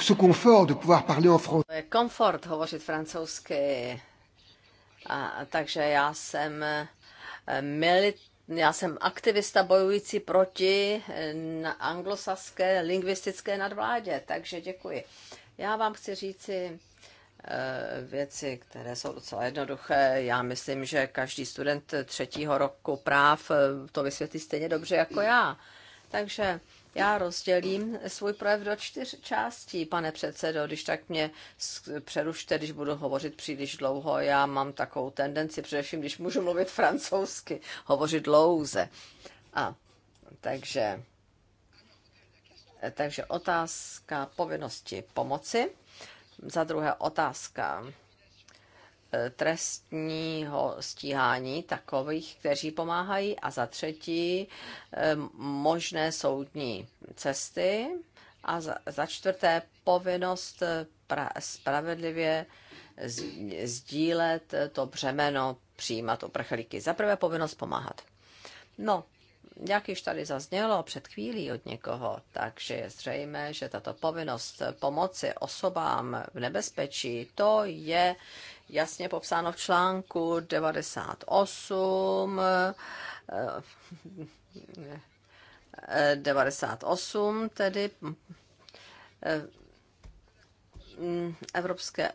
[SPEAKER 2] ce confort de pouvoir parler en français. Komfort hovořit francouzsky. A, takže já jsem euh, milit, já jsem aktivista bojující proti anglosaské lingvistické nadvládě, takže děkuji. Já vám chci říci, euh, věci, které jsou docela jednoduché. Já myslím, že každý student třetího roku práv euh, to vysvětlí stejně dobře jako já. Takže já rozdělím svůj projev do čtyř částí, pane předsedo, když tak mě přerušte, když budu hovořit příliš dlouho. Já mám takovou tendenci, především když můžu mluvit francouzsky, hovořit dlouze. A takže, takže otázka povinnosti pomoci. Za druhé otázka trestního stíhání takových, kteří pomáhají, a za třetí eh, možné soudní cesty a za, čtvrté povinnost eh, pra, spravedlivě sdílet to břemeno, přijímat uprchlíky. Za prvé povinnost pomáhat. No, jak již tady zaznělo před chvílí od někoho, takže je zřejmé, že tato povinnost pomoci osobám v nebezpečí, to je jasně popsáno v článku 98, 98 eh, eh, tedy eh, mm, Evropské,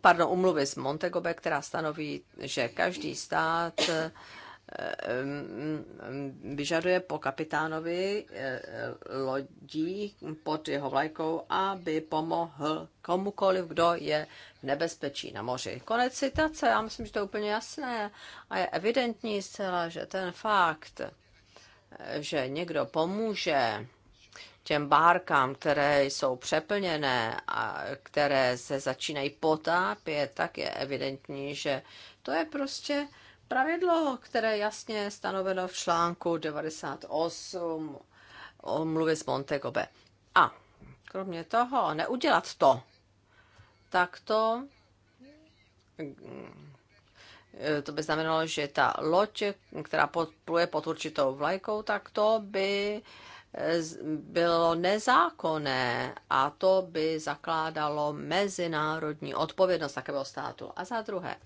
[SPEAKER 2] pardon, umluvy z Montego která stanoví, že každý stát Eh, vyžaduje po kapitánovi eh, lodí pod jeho vlajkou, aby pomohl komukoliv, kdo je v nebezpečí na moři. Konec citace, já myslím, že to je úplně jasné a je evidentní zcela, že ten fakt, eh, že někdo pomůže těm bárkám, které jsou přeplněné a které se začínají potápět, tak je evidentní, že to je prostě Pravidlo, které jasně stanoveno v článku 98 o mluvě z Montegobe. A kromě toho neudělat to, tak to, to by znamenalo, že ta loď, která pluje pod určitou vlajkou, tak to by bylo nezákonné a to by zakládalo mezinárodní odpovědnost takového státu. A za druhé,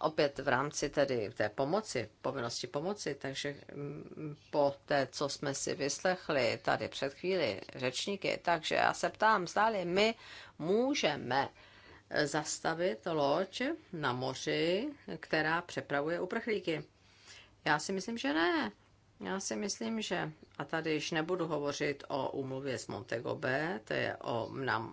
[SPEAKER 2] opět v rámci tedy té pomoci, povinnosti pomoci, takže mm, po té, co jsme si vyslechli tady před chvíli řečníky, takže já se ptám, zdáli my můžeme zastavit loď na moři, která přepravuje uprchlíky. Já si myslím, že ne. Já si myslím, že, a tady již nebudu hovořit o úmluvě z Montego Bay, to je o, na,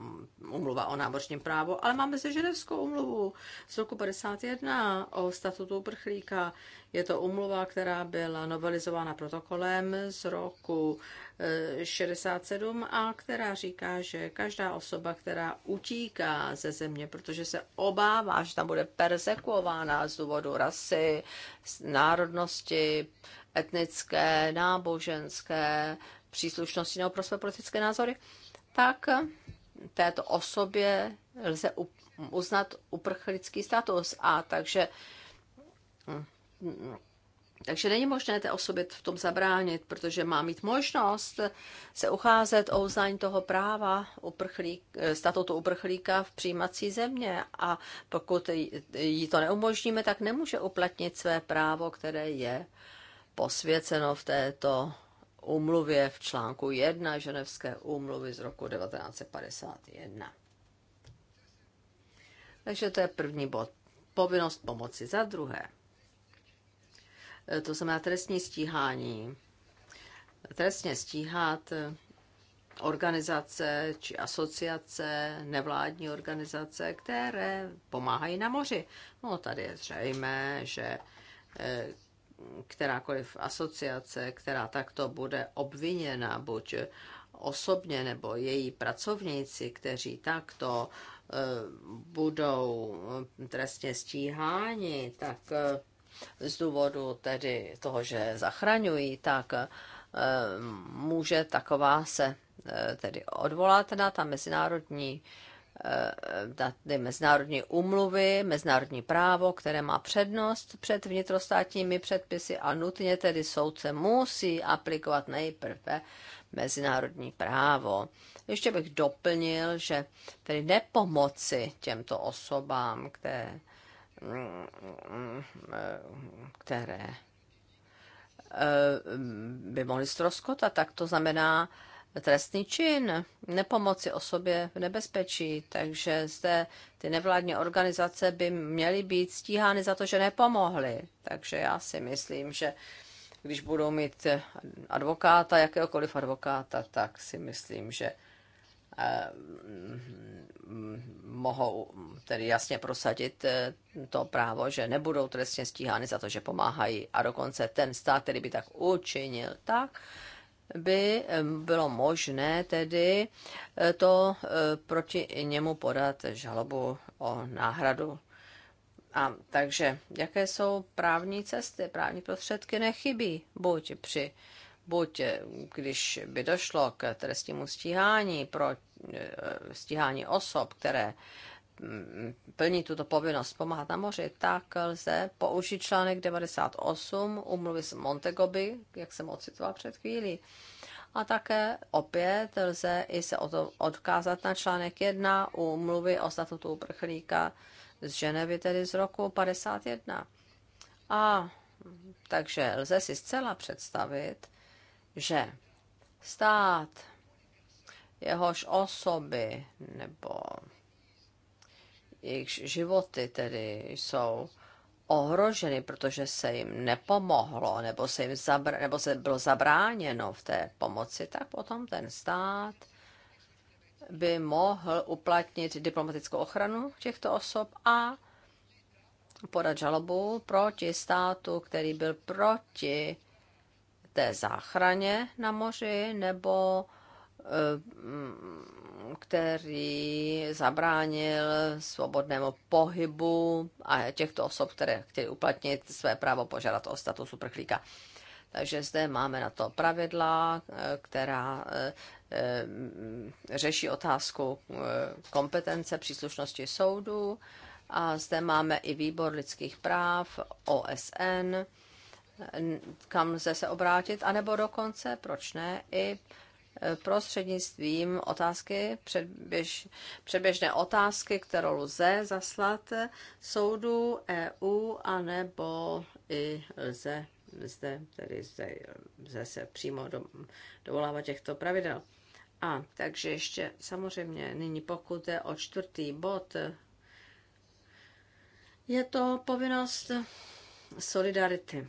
[SPEAKER 2] umluva o námořním právu, ale máme se ženevskou umluvu z roku 51 o statutu uprchlíka. Je to umluva, která byla novelizována protokolem z roku 67 eh, a která říká, že každá osoba, která utíká ze země, protože se obává, že tam bude persekuována z důvodu rasy, národnosti, etnické, náboženské příslušnosti nebo pro své politické názory, tak této osobě lze uznat uprchlický status. A takže takže není možné té osobě v tom zabránit, protože má mít možnost se ucházet o uznání toho práva uprchlík, statutu uprchlíka v přijímací země a pokud jí to neumožníme, tak nemůže uplatnit své právo, které je posvěceno v této úmluvě v článku 1 Ženevské úmluvy z roku 1951. Takže to je první bod. Povinnost pomoci za druhé Eh, to znamená trestní stíhání. Trestně stíhat eh, organizace či asociace, nevládní organizace, které pomáhají na moři. No tady je zřejmé, že eh, kterákoliv asociace, která takto bude obviněna buď osobně nebo její pracovníci, kteří takto budou trestně stíháni, tak z důvodu tedy toho, že zachraňují, tak eh, může taková se eh, tedy odvolat na ta mezinárodní eh, ty mezinárodní umluvy, mezinárodní právo, které má přednost před vnitrostátními předpisy a nutně tedy soudce musí aplikovat nejprve mezinárodní právo. Ještě bych doplnil, že tedy nepomoci těmto osobám, které které eh, by mohly stroskotat, tak to znamená trestný čin, nepomoci osobě v nebezpečí. Takže zde ty nevládní organizace by měly být stíhány za to, že nepomohly. Takže já si myslím, že když budou mít advokáta, jakéhokoliv advokáta, tak si myslím, že Eh, mohou tedy jasně prosadit eh, to právo, že nebudou trestně stíhány za to, že pomáhají a dokonce ten stát, který by tak učinil, tak by eh, bylo možné tedy to proti němu podat žalobu o náhradu. A takže jaké jsou právní cesty? Právní prostředky nechybí, buď při uh, buď eh, když by došlo k trestnímu stíhání pro eh, stíhání osob, které mm, plní tuto povinnost pomáhat na moři, tak lze použít článek 98 umluvy z Montegoby, jak jsem ocitoval před chvílí. A také opět lze i se odkázat na článek 1 umluvy o statutu uprchlíka z Ženevy, tedy z roku 51. A takže lze si zcela představit, že stát, jehož osoby nebo jejich životy tedy jsou ohroženy, protože se jim nepomohlo, nebo se jim zabr- nebo se bylo zabráněno v té pomoci, tak potom ten stát by mohl uplatnit diplomatickou ochranu těchto osob a podat žalobu proti státu, který byl proti té záchraně na moři nebo eh, který zabránil svobodnému pohybu a těchto osob, které chtějí uplatnit své právo požádat o status uprchlíka. Takže zde máme na to pravidla, eh, která eh, řeší otázku kompetence příslušnosti soudu. A zde máme i výbor lidských práv OSN, kam lze se obrátit, anebo dokonce, proč ne, i e, prostřednictvím otázky, předběž, předběžné otázky, kterou lze zaslat soudu EU, anebo i lze zde, tedy zde, zde se přímo do, dovolávat těchto pravidel. A takže ještě samozřejmě nyní pokud je o čtvrtý bod, je to povinnost solidarity.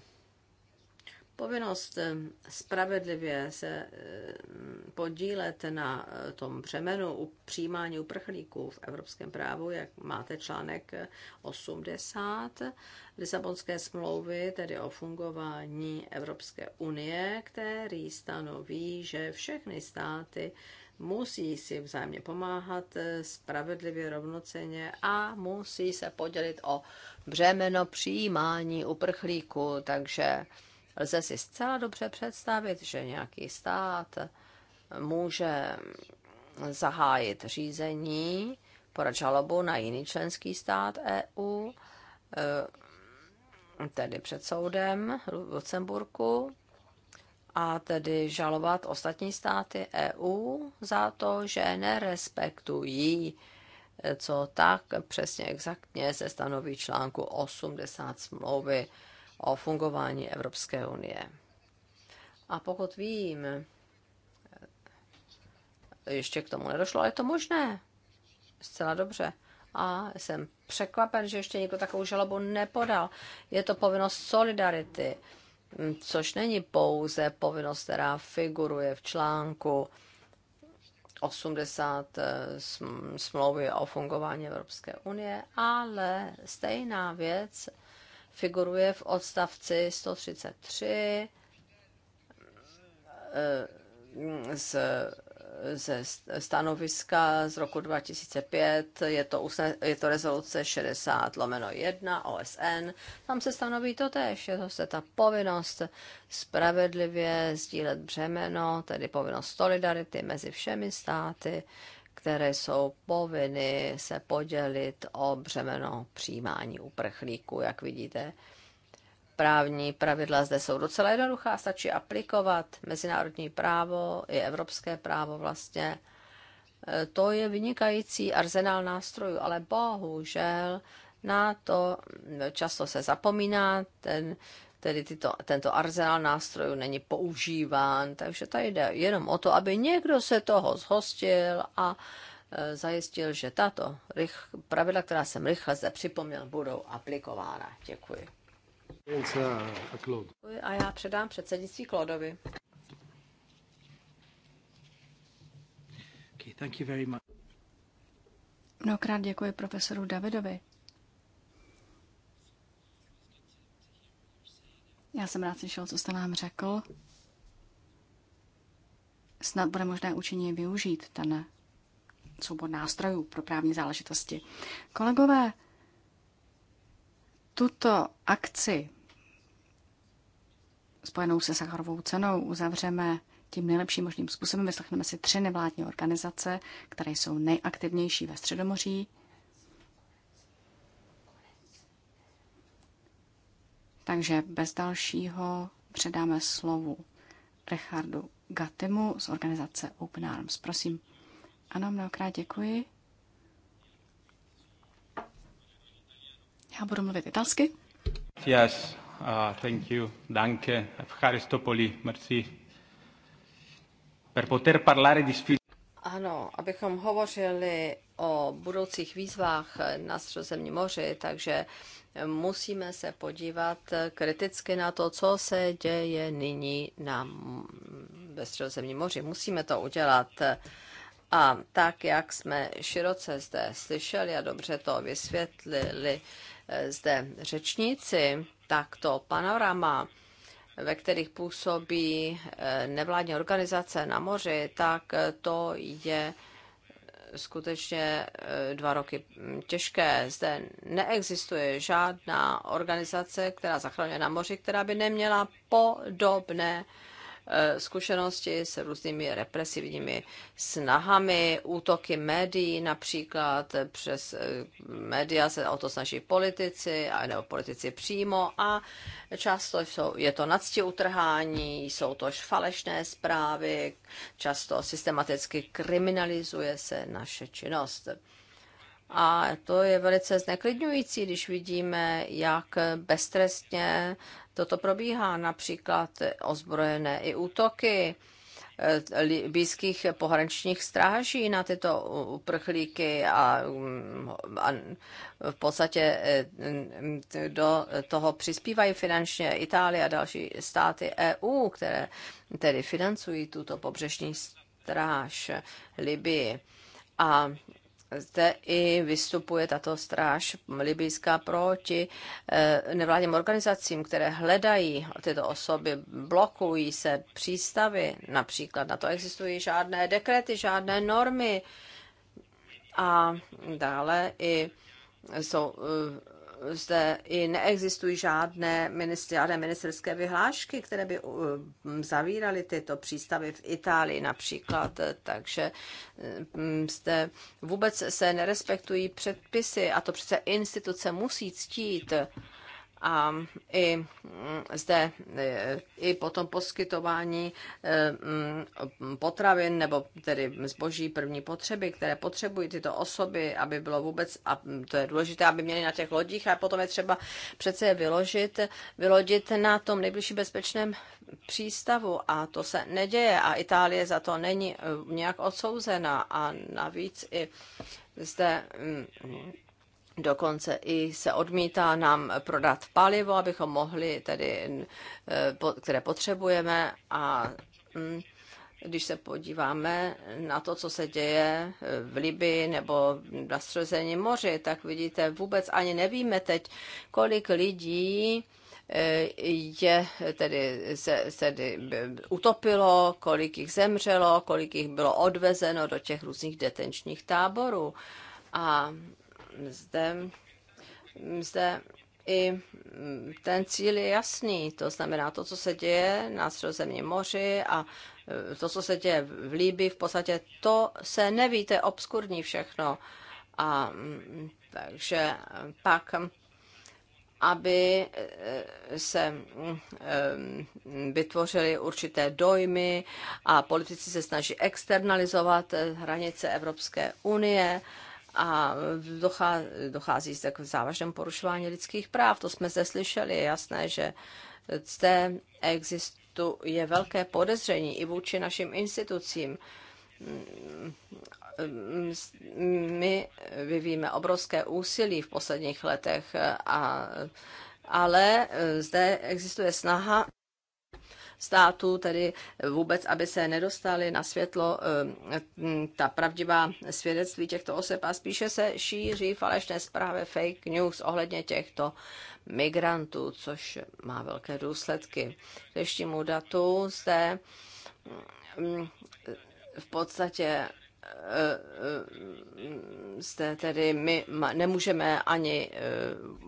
[SPEAKER 2] Povinnost eh, spravedlivě se eh, podílet na eh, tom břemenu u přijímání uprchlíků v evropském právu, jak máte článek 80 Lisabonské smlouvy, tedy o fungování Evropské unie, který stanoví, že všechny státy musí si vzájemně pomáhat spravedlivě, rovnoceně a musí se podělit o břemeno přijímání uprchlíků. Takže Lze si zcela dobře představit, že nějaký stát může zahájit řízení, podat žalobu na jiný členský stát EU, eh, tedy před soudem v Lucemburku, a tedy žalovat ostatní státy EU za to, že nerespektují eh, co tak přesně exaktně se stanoví článku 80 smlouvy o fungování Evropské unie. A pokud vím, ještě k tomu nedošlo, ale je to možné. Zcela dobře. A jsem překvapen, že ještě někdo takovou žalobu nepodal. Je to povinnost solidarity, což není pouze povinnost, která figuruje v článku 80 smlouvy o fungování Evropské unie, ale stejná věc figuruje v odstavci 133 eh, z, ze stanoviska z roku 2005, je to, usne, je to rezoluce 60 lomeno 1 OSN, tam se stanoví to tež, je to se ta povinnost spravedlivě sdílet břemeno, tedy povinnost solidarity mezi všemi státy, které jsou povinny se podělit o břemeno přijímání uprchlíků, jak vidíte. Právní pravidla zde jsou docela jednoduchá, stačí aplikovat mezinárodní právo i evropské právo vlastně. E, to je vynikající arzenál nástrojů, ale bohužel na to často se zapomíná. Ten tedy tyto, tento arzenál nástrojů není používán, takže tady jde jenom o to, aby někdo se toho zhostil a e, zajistil, že tato rych, pravidla, která jsem rychle zde připomněl, budou aplikována. Děkuji. A já předám předsednictví Klodovi.
[SPEAKER 3] Mnohokrát děkuji profesoru Davidovi. Já jsem rád slyšel, co jste nám řekl. Snad bude možné účinně využít ten soubor nástrojů pro právní záležitosti. Kolegové, tuto akci spojenou se Sacharovou cenou uzavřeme tím nejlepším možným způsobem. Vyslechneme si tři nevládní organizace, které jsou nejaktivnější ve Středomoří. Takže bez dalšího předáme slovu Richardu Gatimu z organizace Open Arms. Prosím. Ano, mnohokrát děkuji. Já budu mluvit italsky.
[SPEAKER 2] Yes, uh, thank you, danke, Evcharistopoli, merci. Per poter parlare di sfide. Ano, abychom hovořili o budoucích výzvách na středozemní moři, takže uh, musíme se podívat kriticky na to, co se děje nyní na ve Středozemním moři. Musíme to udělat. A tak, jak jsme široce zde slyšeli a dobře to vysvětlili eh, zde řečníci, tak to panorama, ve kterých působí eh, nevládní organizace na moři, tak to je skutečně eh, dva roky těžké. Zde neexistuje žádná organizace, která zachraňuje na moři, která by neměla podobné Eh, zkušenosti s různými represivními snahami, útoky médií například, eh, přes eh, média se o to snaží politici, nebo politici přímo a často jsou, je to nadsti utrhání, jsou to falešné zprávy, často systematicky kriminalizuje se naše činnost. A to je velice zneklidňující, když vidíme, jak beztrestně toto probíhá, například ozbrojené i útoky eh, blízkých pohraničních stráží na tyto uprchlíky a, mm, a v podstatě eh, do toho přispívají finančně Itálie a další státy EU, které tedy financují tuto pobřežní stráž Libii. A zde i vystupuje tato stráž libijská proti eh, nevládním organizacím, které hledají tyto osoby, blokují se přístavy, například na to existují žádné dekrety, žádné normy a dále i jsou eh, zde i neexistují žádné, ministerské vyhlášky, které by uh, zavíraly tyto přístavy v Itálii například, takže mm, zde vůbec se nerespektují předpisy a to přece instituce musí ctít a mm, i mm, zde e, i potom poskytování e, mm, potravin nebo tedy zboží první potřeby, které potřebují tyto osoby, aby bylo vůbec, a to je důležité, aby měli na těch lodích a potom je třeba přece je vyložit, vylodit na tom nejbližší bezpečném přístavu a to se neděje a Itálie za to není e, nějak odsouzena a navíc i zde Dokonce i se odmítá nám prodat palivo, abychom mohli tedy, eh, které potřebujeme a hm, když se podíváme na to, co se děje eh, v Libii nebo na Středozemní moři, tak vidíte, vůbec ani nevíme teď, kolik lidí eh, je tedy, se, tedy utopilo, kolik jich zemřelo, kolik jich bylo odvezeno do těch různých detenčních táborů. A zde, zde i ten cíl je jasný, to znamená to, co se děje na Středozemním moři a e, to, co se děje v Líbi, v podstatě to se neví, to je obskurní všechno. A mm, takže pak, aby e, se mm, e, vytvořily určité dojmy a politici se snaží externalizovat hranice Evropské unie, a dochází zde k závažnému porušování lidských práv. To jsme zde slyšeli. Je jasné, že zde existuje velké podezření i vůči našim institucím. My vyvíjíme obrovské úsilí v posledních letech, a, ale zde existuje snaha státu tedy vůbec, aby se nedostali na světlo eh, ta pravdivá svědectví těchto osob a spíše se šíří falešné zprávy fake news ohledně těchto migrantů, což má velké důsledky. K dnešnímu datu zde mm, v podstatě zde tedy my nemůžeme ani,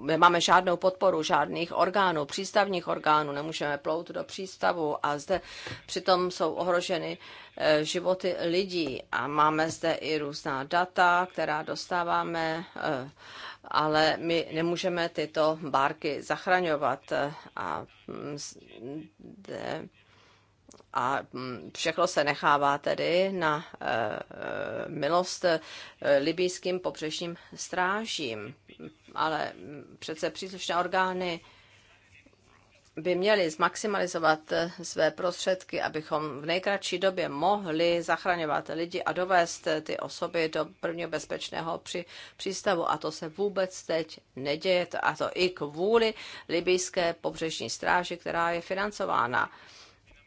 [SPEAKER 2] eh, máme žádnou podporu žádných orgánů, přístavních orgánů, nemůžeme plout do přístavu a zde přitom jsou ohroženy eh, životy lidí a máme zde i různá data, která dostáváme, eh, ale my nemůžeme tyto bárky zachraňovat a mm, zde a mm, všechno se nechává tedy na eh, eh, milost eh, libijským pobřežním strážím. Ale mm, přece příslušné orgány by měli zmaximalizovat své prostředky, abychom v nejkratší době mohli zachraňovat lidi a dovést ty osoby do prvního bezpečného při, přístavu. A to se vůbec teď neděje. A to i kvůli libijské pobřežní stráži, která je financována.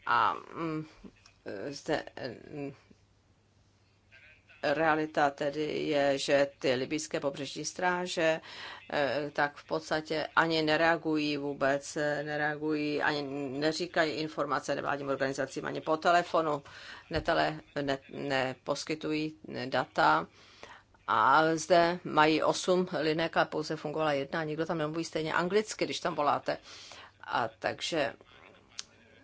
[SPEAKER 2] A mm, zde mm, realita tedy je, že ty libijské pobřežní stráže e, tak v podstatě ani nereagují vůbec, e, nereagují, ani neříkají informace nevládním organizacím, ani po telefonu netele, ne, neposkytují data. A zde mají osm linek a pouze fungovala jedna, nikdo tam nemluví stejně anglicky, když tam voláte. A takže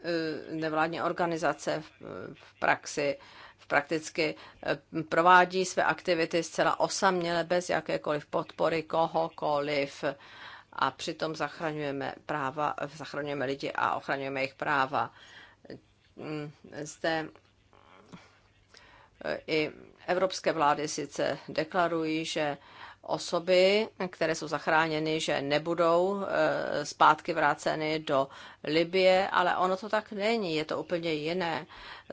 [SPEAKER 2] Eh, nevládní organizace v praxi v prakticky eh, provádí své aktivity zcela osaměle, bez jakékoliv podpory kohokoliv. A přitom zachraňujeme práva, zachraňujeme lidi a ochraňujeme jejich práva. Mm, zde eh, i evropské vlády sice deklarují, že osoby, které jsou zachráněny, že nebudou zpátky vráceny do Libie, ale ono to tak není, je to úplně jiné.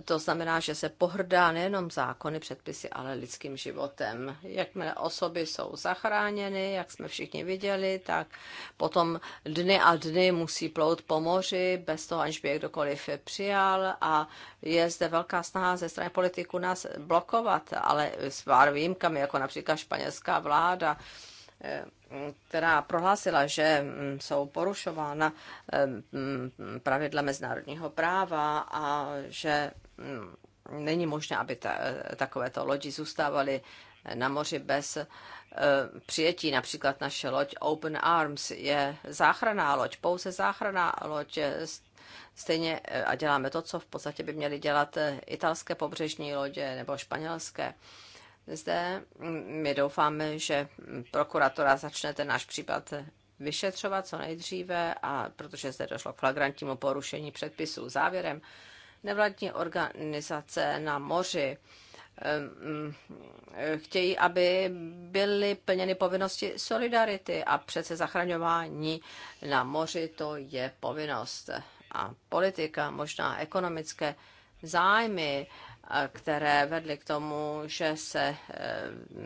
[SPEAKER 2] To znamená, že se pohrdá nejenom zákony, předpisy, ale lidským životem. Jakmile osoby jsou zachráněny, jak jsme všichni viděli, tak potom dny a dny musí plout po moři, bez toho, aniž by je kdokoliv přijal a je zde velká snaha ze strany politiku nás blokovat, ale s pár výjimkami, jako například španělská vláda, která prohlásila, že mm, jsou porušována mm, mm, pravidla mezinárodního práva a že není možné, aby ta, takovéto lodi zůstávaly na moři bez e, přijetí. Například naše loď Open Arms je záchranná loď, pouze záchranná loď. E, stejně e, a děláme to, co v podstatě by měly dělat italské pobřežní lodě nebo španělské zde. Mm, my doufáme, že prokuratora začne ten náš případ vyšetřovat co nejdříve, a protože zde došlo k flagrantnímu porušení předpisů. Závěrem, nevládní organizace na moři ehm, chtějí, aby byly plněny povinnosti solidarity a přece zachraňování na moři to je povinnost. A politika, možná ekonomické zájmy, které vedly k tomu, že se eh,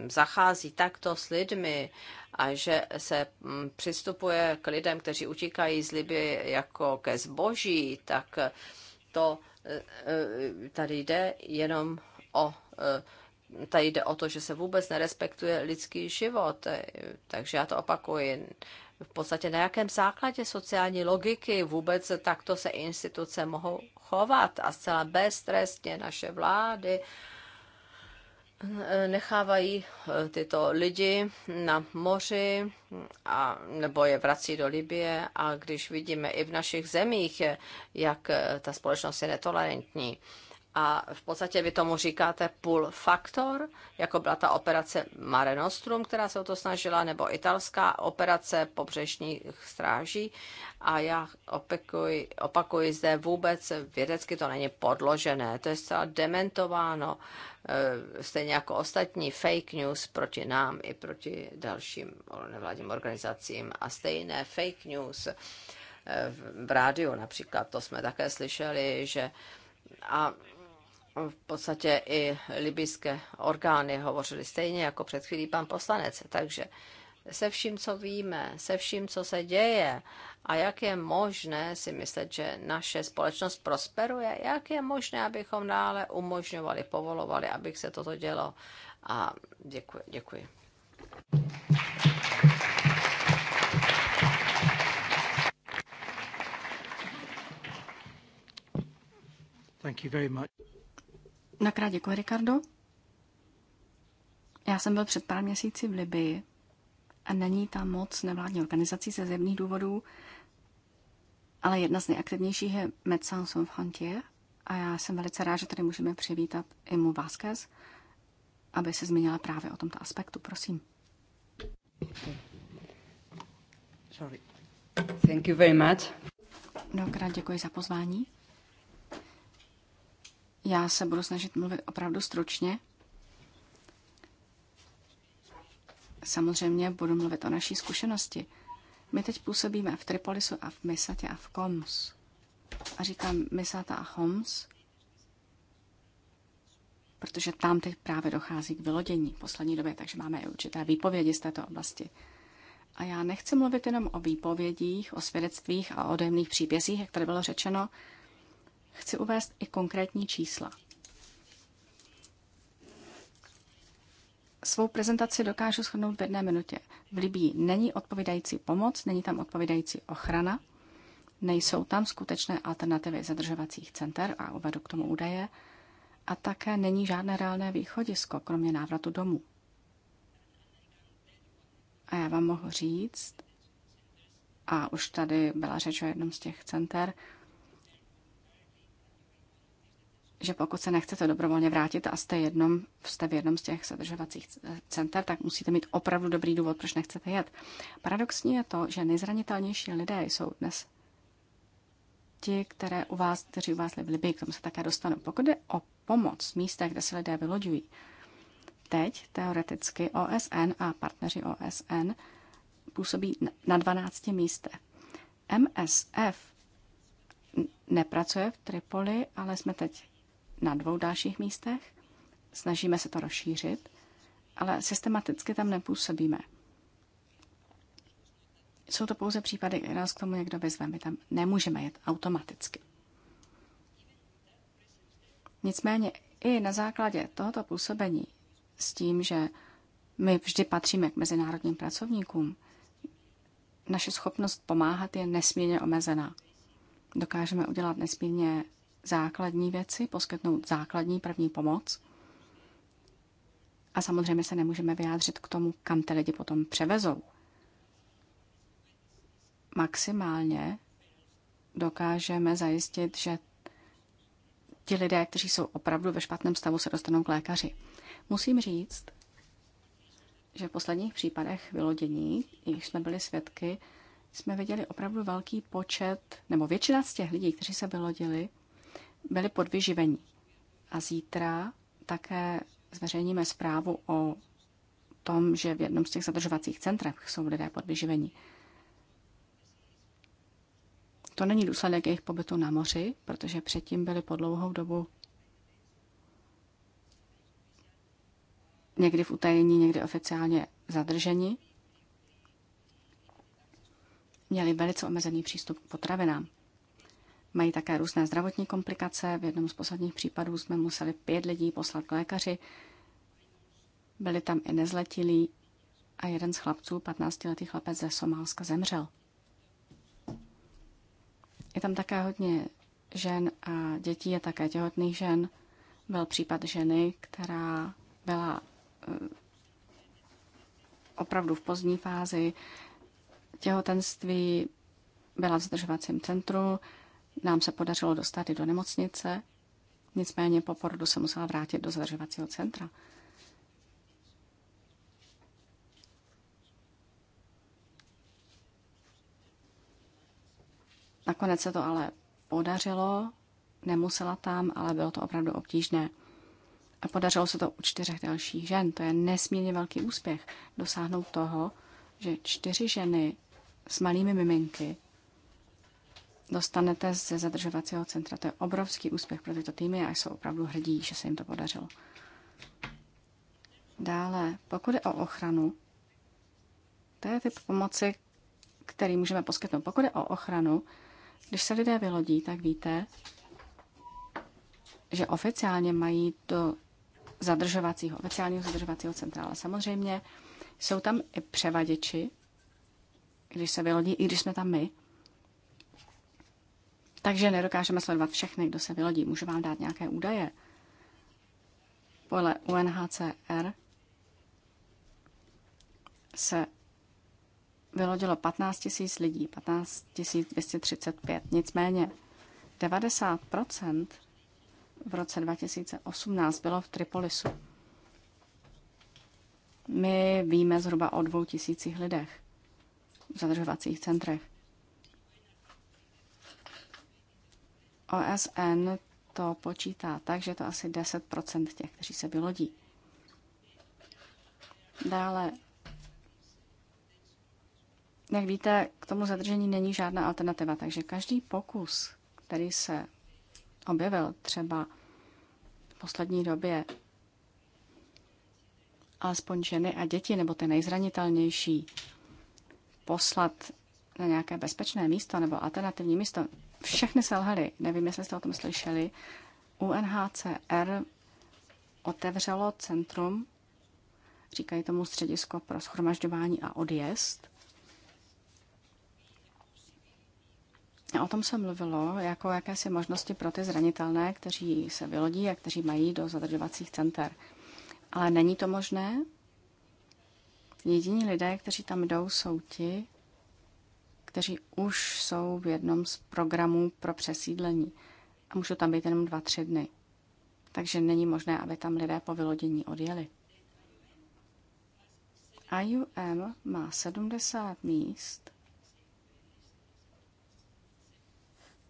[SPEAKER 2] zachází takto s lidmi a že se mm, přistupuje k lidem, kteří utíkají z Liby jako ke zboží, tak to eh, eh, tady jde jenom o tady jde o to, že se vůbec nerespektuje lidský život. Takže já to opakuji. V podstatě na jakém základě sociální logiky vůbec takto se instituce mohou chovat a zcela beztrestně naše vlády nechávají eh, tyto lidi na moři a, nebo je vrací do Libie a když vidíme i v našich zemích, jak eh, ta společnost je netolerantní, a v podstatě vy tomu říkáte pull factor, jako byla ta operace Mare Nostrum, která se o to snažila, nebo italská operace pobřežních stráží. A já opakuji, opakuji zde vůbec vědecky to není podložené, to je zcela dementováno, eh, stejně jako ostatní fake news proti nám i proti dalším nevládním organizacím a stejné fake news eh, v rádiu například, to jsme také slyšeli, že a v podstatě i libyské orgány hovořily stejně jako před chvílí pan poslanec. Takže se vším, co víme, se vším, co se děje a jak je možné si myslet, že naše společnost prosperuje, jak je možné, abychom dále umožňovali, povolovali, abych se toto dělo. A děkuji. děkuji.
[SPEAKER 4] Thank you very much.
[SPEAKER 3] Nakrát děkuji, Ricardo. Já jsem byl před pár měsíci v Libii a není tam moc nevládní organizací ze zemních důvodů, ale jedna z nejaktivnějších je Médecins Sans Frontières a já jsem velice rád, že tady můžeme přivítat Imu Vázquez, aby se zmínila právě o tomto aspektu. Prosím.
[SPEAKER 2] Sorry. Thank you very much.
[SPEAKER 3] Mnohokrát děkuji za pozvání. Já se budu snažit mluvit opravdu stručně. Samozřejmě budu mluvit o naší zkušenosti. My teď působíme v Tripolisu a v Misatě a v Koms. A říkám Misata a Homs, protože tam teď právě dochází k vylodění v poslední době, takže máme i určité výpovědi z této oblasti. A já nechci mluvit jenom o výpovědích, o svědectvích a o dojemných příbězích, jak tady bylo řečeno, Chci uvést i konkrétní čísla. Svou prezentaci dokážu shodnout v jedné minutě. V Libii není odpovídající pomoc, není tam odpovídající ochrana, nejsou tam skutečné alternativy zadržovacích center a uvedu k tomu údaje, a také není žádné reálné východisko, kromě návratu domů. A já vám mohu říct, a už tady byla řeč o jednom z těch center, že pokud se nechcete dobrovolně vrátit a jste, jednom, jste v jednom z těch zadržovacích center, tak musíte mít opravdu dobrý důvod, proč nechcete jet. Paradoxní je to, že nejzranitelnější lidé jsou dnes ti, které u vás, kteří u vás v Libii, k tomu se také dostanou. Pokud jde o pomoc v místech, kde se lidé vyloďují, teď teoreticky OSN a partneři OSN působí na 12 místech. MSF nepracuje v Tripoli, ale jsme teď na dvou dalších místech. Snažíme se to rozšířit, ale systematicky tam nepůsobíme. Jsou to pouze případy, kdy nás k tomu někdo vyzve. My tam nemůžeme jet automaticky. Nicméně i na základě tohoto působení s tím, že my vždy patříme k mezinárodním pracovníkům, naše schopnost pomáhat je nesmírně omezená. Dokážeme udělat nesmírně základní věci, poskytnout základní první pomoc. A samozřejmě se nemůžeme vyjádřit k tomu, kam ty lidi potom převezou. Maximálně dokážeme zajistit, že ti lidé, kteří jsou opravdu ve špatném stavu, se dostanou k lékaři. Musím říct, že v posledních případech vylodění, když jsme byli svědky, jsme viděli opravdu velký počet, nebo většina z těch lidí, kteří se vylodili, byli podvyživení. A zítra také zveřejníme zprávu o tom, že v jednom z těch zadržovacích centrech jsou lidé podvyživení. To není důsledek jejich pobytu na moři, protože předtím byli po dlouhou dobu někdy v utajení, někdy oficiálně zadrženi. Měli velice omezený přístup k potravinám. Mají také různé zdravotní komplikace. V jednom z posledních případů jsme museli pět lidí poslat k lékaři. Byli tam i nezletilí a jeden z chlapců, 15-letý chlapec ze Somálska, zemřel. Je tam také hodně žen a dětí a také těhotných žen. Byl případ ženy, která byla eh, opravdu v pozdní fázi těhotenství, byla v zdržovacím centru, nám se podařilo dostat i do nemocnice, nicméně po porodu se musela vrátit do zadržovacího centra. Nakonec se to ale podařilo, nemusela tam, ale bylo to opravdu obtížné. A podařilo se to u čtyřech dalších žen. To je nesmírně velký úspěch dosáhnout toho, že čtyři ženy s malými miminky dostanete ze zadržovacího centra. To je obrovský úspěch pro tyto týmy a jsou opravdu hrdí, že se jim to podařilo. Dále, pokud je o ochranu, to je typ pomoci, který můžeme poskytnout. Pokud je o ochranu, když se lidé vylodí, tak víte, že oficiálně mají do zadržovacího, oficiálního zadržovacího centra, ale samozřejmě jsou tam i převaděči, když se vylodí, i když jsme tam my, takže nedokážeme sledovat všechny, kdo se vylodí. Můžu vám dát nějaké údaje. Podle UNHCR se vylodilo 15 000 lidí, 15 235. Nicméně 90 v roce 2018 bylo v Tripolisu. My víme zhruba o dvou tisících lidech v zadržovacích centrech. OSN to počítá tak, že to asi 10 těch, kteří se vylodí. Dále, jak víte, k tomu zadržení není žádná alternativa, takže každý pokus, který se objevil třeba v poslední době, alespoň ženy a děti, nebo ty nejzranitelnější, poslat na nějaké bezpečné místo nebo alternativní místo, všechny selhaly. Nevím, jestli jste o tom slyšeli. UNHCR otevřelo centrum, říkají tomu středisko pro schromažďování a odjezd. A o tom se mluvilo jako jakési možnosti pro ty zranitelné, kteří se vylodí a kteří mají do zadržovacích center. Ale není to možné. Jediní lidé, kteří tam jdou, jsou ti, kteří už jsou v jednom z programů pro přesídlení a můžou tam být jenom dva, tři dny. Takže není možné, aby tam lidé po vylodění odjeli. IUM má 70 míst,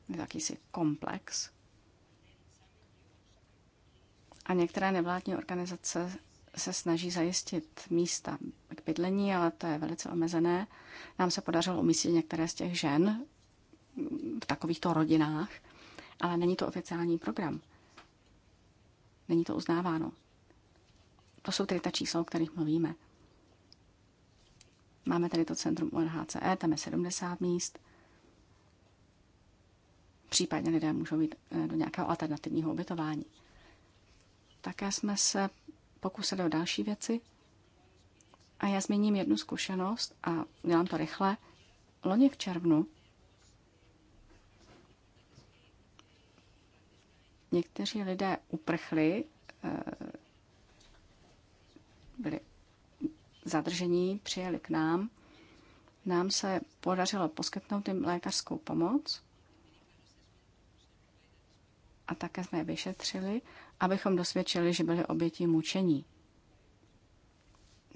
[SPEAKER 3] je jakýsi komplex, a některé nevládní organizace se snaží zajistit místa k bydlení, ale to je velice omezené. Nám se podařilo umístit některé z těch žen v takovýchto rodinách, ale není to oficiální program. Není to uznáváno. To jsou tedy ta čísla, o kterých mluvíme. Máme tady to centrum UNHCR, e, tam je 70 míst. Případně lidé můžou být eh, do nějakého alternativního ubytování. Také jsme se pokusili o další věci. A já zmíním jednu zkušenost a dělám to rychle. Loni v červnu někteří lidé uprchli, eh, byli zadržení, přijeli k nám. Nám se podařilo poskytnout jim lékařskou pomoc a také jsme je vyšetřili abychom dosvědčili, že byli obětí mučení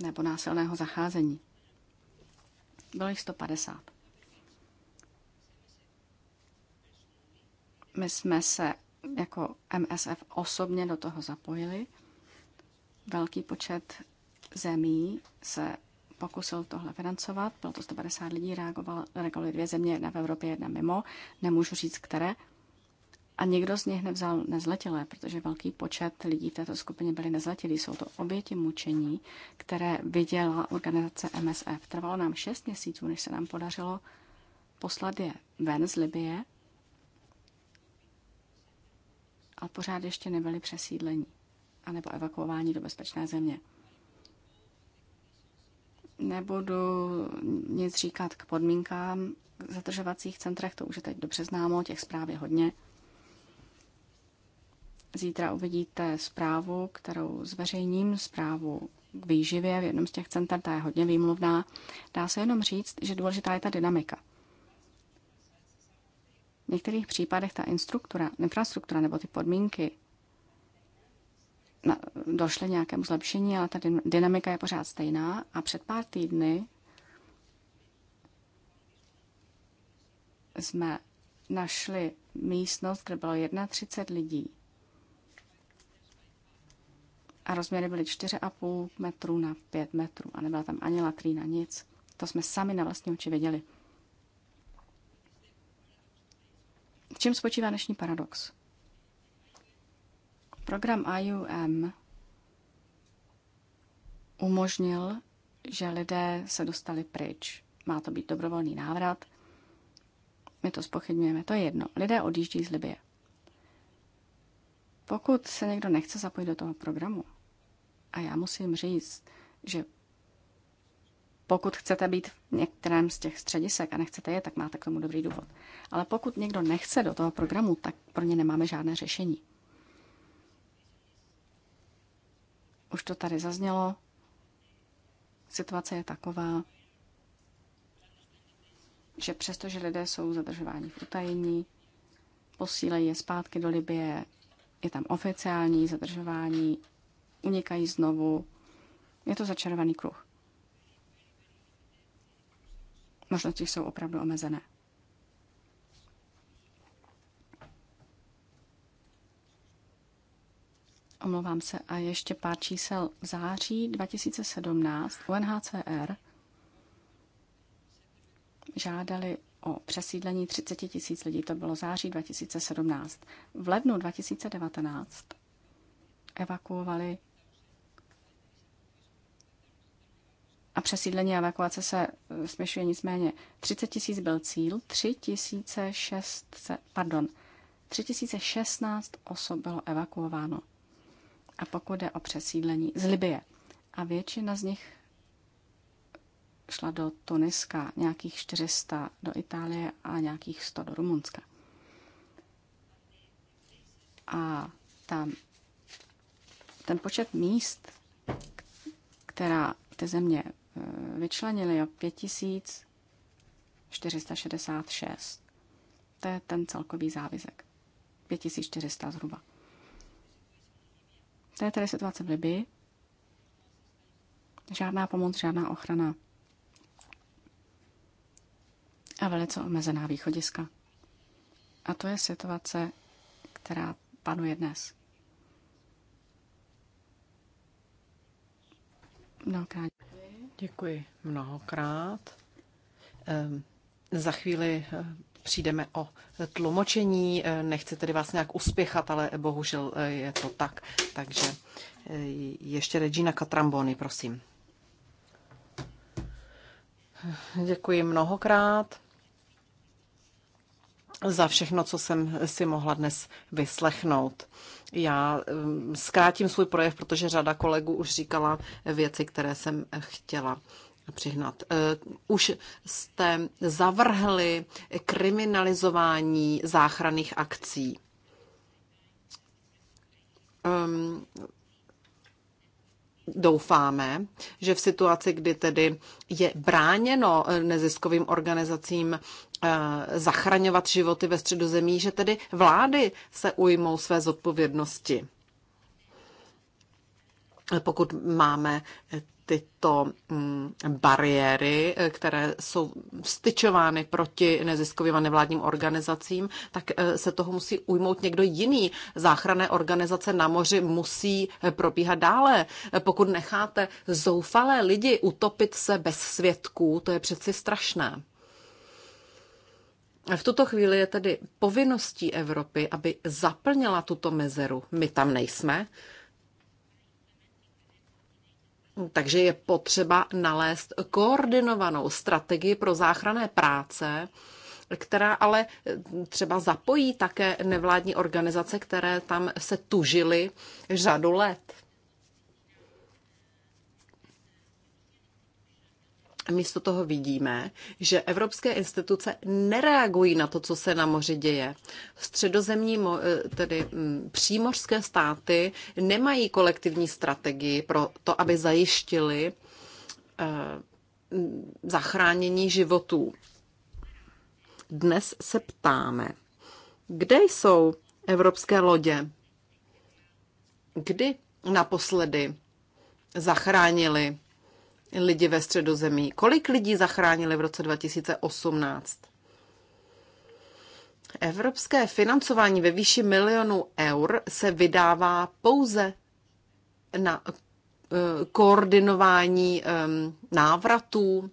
[SPEAKER 3] nebo násilného zacházení. Bylo jich 150. My jsme se jako MSF osobně do toho zapojili. Velký počet zemí se pokusil tohle financovat. Bylo to 150 lidí, reagovaly dvě země, jedna v Evropě, jedna mimo. Nemůžu říct, které. A někdo z nich nevzal nezletilé, protože velký počet lidí v této skupině byli nezletilí. Jsou to oběti mučení, které viděla organizace MSF. Trvalo nám šest měsíců, než se nám podařilo poslat je ven z Libie, ale pořád ještě nebyli přesídlení anebo evakuováni do bezpečné země. Nebudu nic říkat k podmínkám v zadržovacích centrech, to už je teď dobře známo, těch zpráv je hodně. Zítra uvidíte zprávu, kterou zveřejním, zprávu k výživě v jednom z těch center, ta je hodně výmluvná. Dá se jenom říct, že důležitá je ta dynamika. V některých případech ta instruktura, infrastruktura nebo ty podmínky došly nějakému zlepšení, ale ta dynamika je pořád stejná. A před pár týdny jsme našli místnost, kde bylo 31 lidí a rozměry byly 4,5 metru na 5 metrů a nebyla tam ani latrína, nic. To jsme sami na vlastní oči věděli. V čem spočívá dnešní paradox? Program IUM umožnil, že lidé se dostali pryč. Má to být dobrovolný návrat. My to spochybňujeme, to je jedno. Lidé odjíždí z Libie. Pokud se někdo nechce zapojit do toho programu, a já musím říct, že pokud chcete být v některém z těch středisek a nechcete je, tak máte k tomu dobrý důvod. Ale pokud někdo nechce do toho programu, tak pro ně nemáme žádné řešení. Už to tady zaznělo. Situace je taková, že přestože lidé jsou zadržováni v utajení, posílejí je zpátky do Libie, je tam oficiální zadržování unikají znovu. Je to začarovaný kruh. Možnosti jsou opravdu omezené. Omlouvám se. A ještě pár čísel. V září 2017 UNHCR žádali o přesídlení 30 tisíc lidí. To bylo září 2017. V lednu 2019 evakuovali a přesídlení a evakuace se eh, směšuje nicméně. 30 tisíc byl cíl, 3600, pardon, 3016 osob bylo evakuováno. A pokud jde o přesídlení z Libie, a většina z nich šla do Tuniska, nějakých 400 do Itálie a nějakých 100 do Rumunska. A tam ten počet míst, která ty země Eh, vyčlenili jo, 5466. To je ten celkový závizek. 5400 zhruba. To je tedy situace v Libii. Žádná pomoc, žádná ochrana. A velice omezená východiska. A to je situace, která panuje dnes. Mnohokrát. Děkuji
[SPEAKER 1] mnohokrát. Ehm, za chvíli eh, přijdeme o tlumočení. Eh, nechci tedy vás nějak uspěchat, ale bohužel eh, je to tak. Takže ještě Regina Katrambony, prosím. Děkuji mnohokrát za všechno, co jsem si mohla dnes vyslechnout. Já um, zkrátím svůj projev, protože řada kolegů už říkala věci, které jsem chtěla přihnat. Eh, už jste zavrhli kriminalizování záchranných akcí. Ehm, doufáme, že v situaci, kdy tedy je bráněno neziskovým organizacím Eh, zachraňovat životy ve středozemí, že tedy vlády se ujmou své zodpovědnosti. Pokud máme tyto mm, bariéry, eh, které jsou styčovány proti neziskovým a nevládním organizacím, tak eh, se toho musí ujmout někdo jiný. Záchranné organizace na moři musí probíhat dále. Pokud necháte zoufalé lidi utopit se bez svědků, to je přeci strašné. V tuto chvíli je tedy povinností Evropy, aby zaplnila tuto mezeru. My tam nejsme, takže je potřeba nalézt koordinovanou strategii pro záchranné práce, která ale třeba zapojí také nevládní organizace, které tam se tužily řadu let. Místo toho vidíme, že evropské instituce nereagují na to, co se na moři děje. Středozemní, eh, tedy mm, přímořské státy nemají kolektivní strategii pro to, aby zajištili eh, zachránění životů. Dnes se ptáme, kde jsou evropské lodě? Kdy naposledy zachránili lidi ve středozemí. Kolik lidí zachránili v roce 2018? Evropské financování ve výši milionů eur se vydává pouze na eh, koordinování ehm, návratů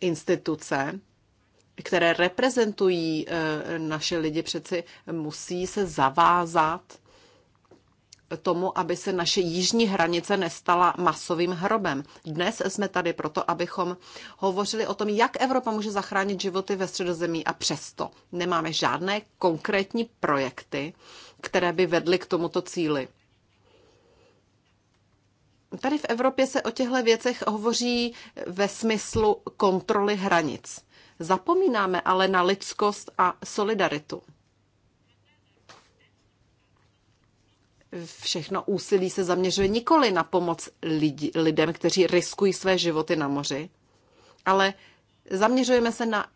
[SPEAKER 1] instituce, které reprezentují eh, naše lidi, přeci musí se zavázat tomu, aby se naše jižní hranice nestala masovým hrobem. Dnes jsme tady proto, abychom hovořili o tom, jak Evropa může zachránit životy ve středozemí a přesto nemáme žádné konkrétní projekty, které by vedly k tomuto cíli. Tady v Evropě se o těchto věcech hovoří ve smyslu kontroly hranic. Zapomínáme ale na lidskost a solidaritu. všechno úsilí se zaměřuje nikoli na pomoc lidi, lidem, kteří riskují své životy na moři, ale zaměřujeme se na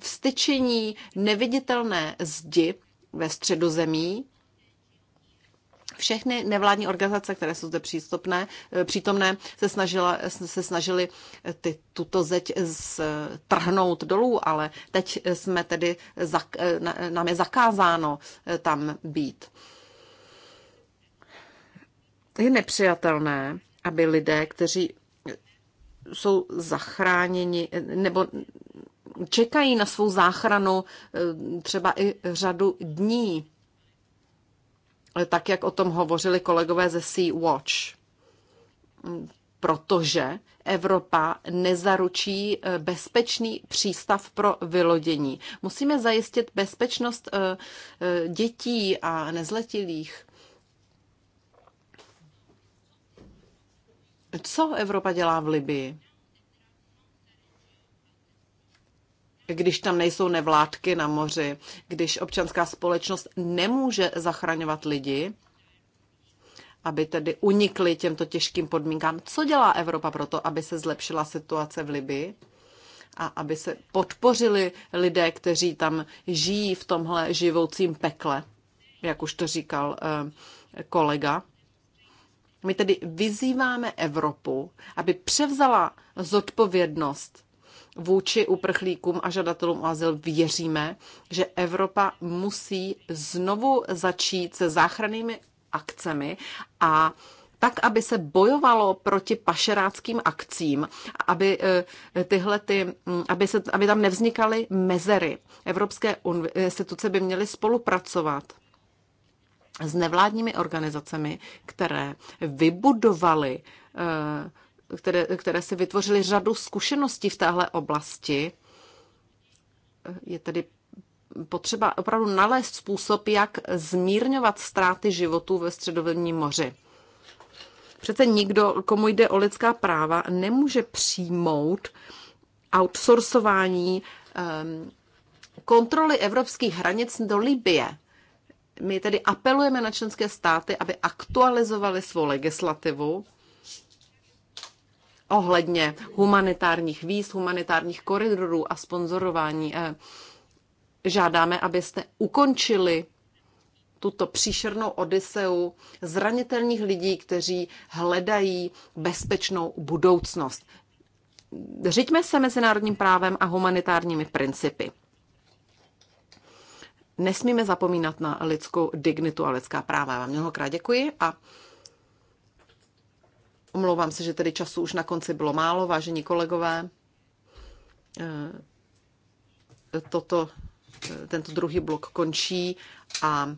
[SPEAKER 1] vstyčení neviditelné zdi ve středu zemí. Všechny nevládní organizace, které jsou zde přístupné, eh, přítomné, se, snažila, se snažili eh, ty, tuto zeď trhnout dolů, ale teď eh, jsme tedy, nám je zakázáno tam být. Je nepřijatelné, aby lidé, kteří jsou zachráněni nebo čekají na svou záchranu eh, třeba i řadu dní, tak jak o tom hovořili kolegové ze Sea Watch. Protože Evropa nezaručí eh, bezpečný přístav pro vylodění. Musíme zajistit bezpečnost eh, dětí a nezletilých. Co Evropa dělá v Libii? Když tam nejsou nevládky na moři, když občanská společnost nemůže zachraňovat lidi, aby tedy unikli těmto těžkým podmínkám. Co dělá Evropa pro to, aby se zlepšila situace v Libii a aby se podpořili lidé, kteří tam žijí v tomhle živoucím pekle, jak už to říkal eh, kolega? My tedy vyzýváme Evropu, aby převzala zodpovědnost vůči uprchlíkům a žadatelům o azyl. Věříme, že Evropa musí znovu začít se záchrannými akcemi a tak, aby se bojovalo proti pašeráckým akcím, aby, eh, tyhle ty, hm, aby, se, aby tam nevznikaly mezery. Evropské instituce by měly spolupracovat s nevládními organizacemi, které vybudovaly, eh, které, které si vytvořily řadu zkušeností v téhle oblasti. Eh, je tedy potřeba opravdu nalézt způsob, jak zmírňovat ztráty životů ve středovodním moři. Přece nikdo, komu jde o lidská práva, nemůže přijmout outsourcování um, kontroly evropských hranic do Libie. My tedy apelujeme na členské státy, aby aktualizovali svou legislativu ohledně humanitárních víz, humanitárních koridorů a sponzorování. Eh, žádáme, abyste ukončili tuto příšernou odiseu zranitelných lidí, kteří hledají bezpečnou budoucnost. Řiďme se mezinárodním právem a humanitárními principy nesmíme zapomínat na lidskou dignitu a lidská práva. Já vám mnohokrát děkuji a omlouvám se, že tedy času už na konci bylo málo, vážení kolegové. Eh, toto, eh, tento druhý blok končí a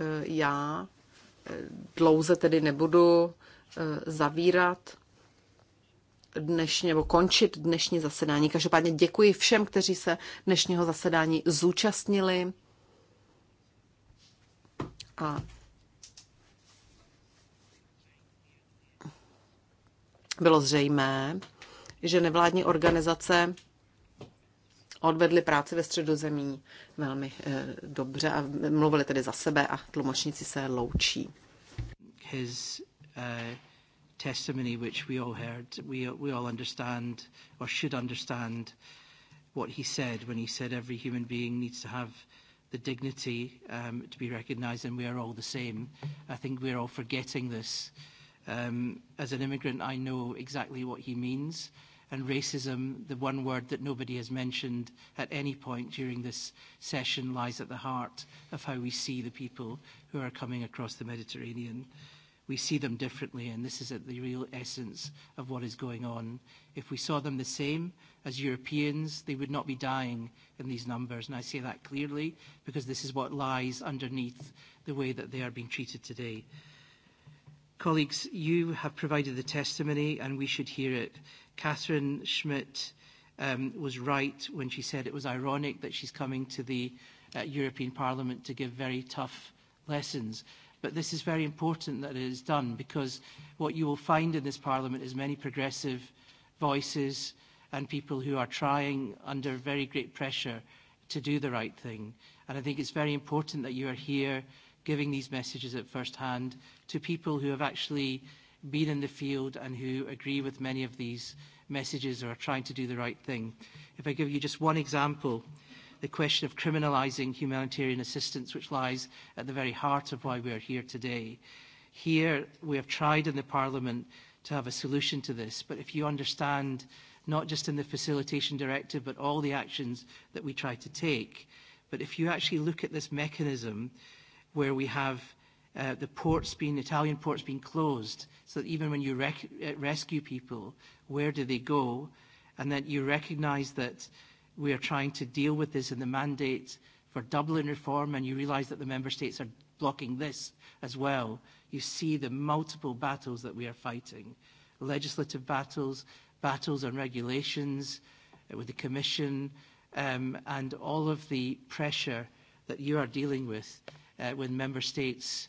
[SPEAKER 1] eh, já dlouze tedy nebudu zavírat dnešní, nebo končit dnešní zasedání. Každopádně děkuji všem, kteří se dnešního zasedání zúčastnili. A bylo zřejmé, že nevládní organizace odvedli práci ve středozemí velmi eh, dobře a mluvili tedy za sebe a tlumočníci se loučí.
[SPEAKER 4] His, uh testimony, which we all heard. We, we all understand, or should understand, what he said when he said every human being needs to have the dignity um, to be recognised and we are all the same. I think we're all forgetting this. Um, as an immigrant, I know exactly what he means. And racism, the one word that nobody has mentioned at any point during this session, lies at the heart of how we see the people who are coming across the Mediterranean we see them differently, and this is at the real essence of what is going on. If we saw them the same as Europeans, they would not be dying in these numbers, and I say that clearly because this is what lies underneath the way that they are being treated today. Colleagues, you have provided the testimony, and we should hear it. Catherine Schmidt um, was right when she said it was ironic that she's coming to the uh, European Parliament to give very tough lessons But this is very important that it is done because what you will find in this Parliament is many progressive voices and people who are trying under very great pressure to do the right thing. And I think it's very important that you are here giving these messages at first hand to people who have actually been in the field and who agree with many of these messages or are trying to do the right thing. If I give you just one example, the question of criminalising humanitarian assistance, which lies at the very heart of why we are here today. Here, we have tried in the Parliament to have a solution to this, but if you understand, not just in the Facilitation Directive, but all the actions that we try to take, but if you actually look at this mechanism where we have uh, the ports being, Italian ports being closed, so that even when you rec- uh, rescue people, where do they go? And that you recognise that We are trying to deal with this in the mandate for Dublin reform, and you realise that the member states are blocking this as well. You see the multiple battles that we are fighting. Legislative battles, battles on regulations uh, with the Commission, um, and all of the pressure that you are dealing with uh, when member states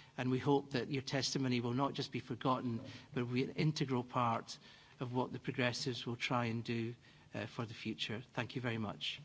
[SPEAKER 4] and we hope that your testimony will not just be forgotten, but will be an integral part of what the progressives will try and do uh, for the future. Thank you very much.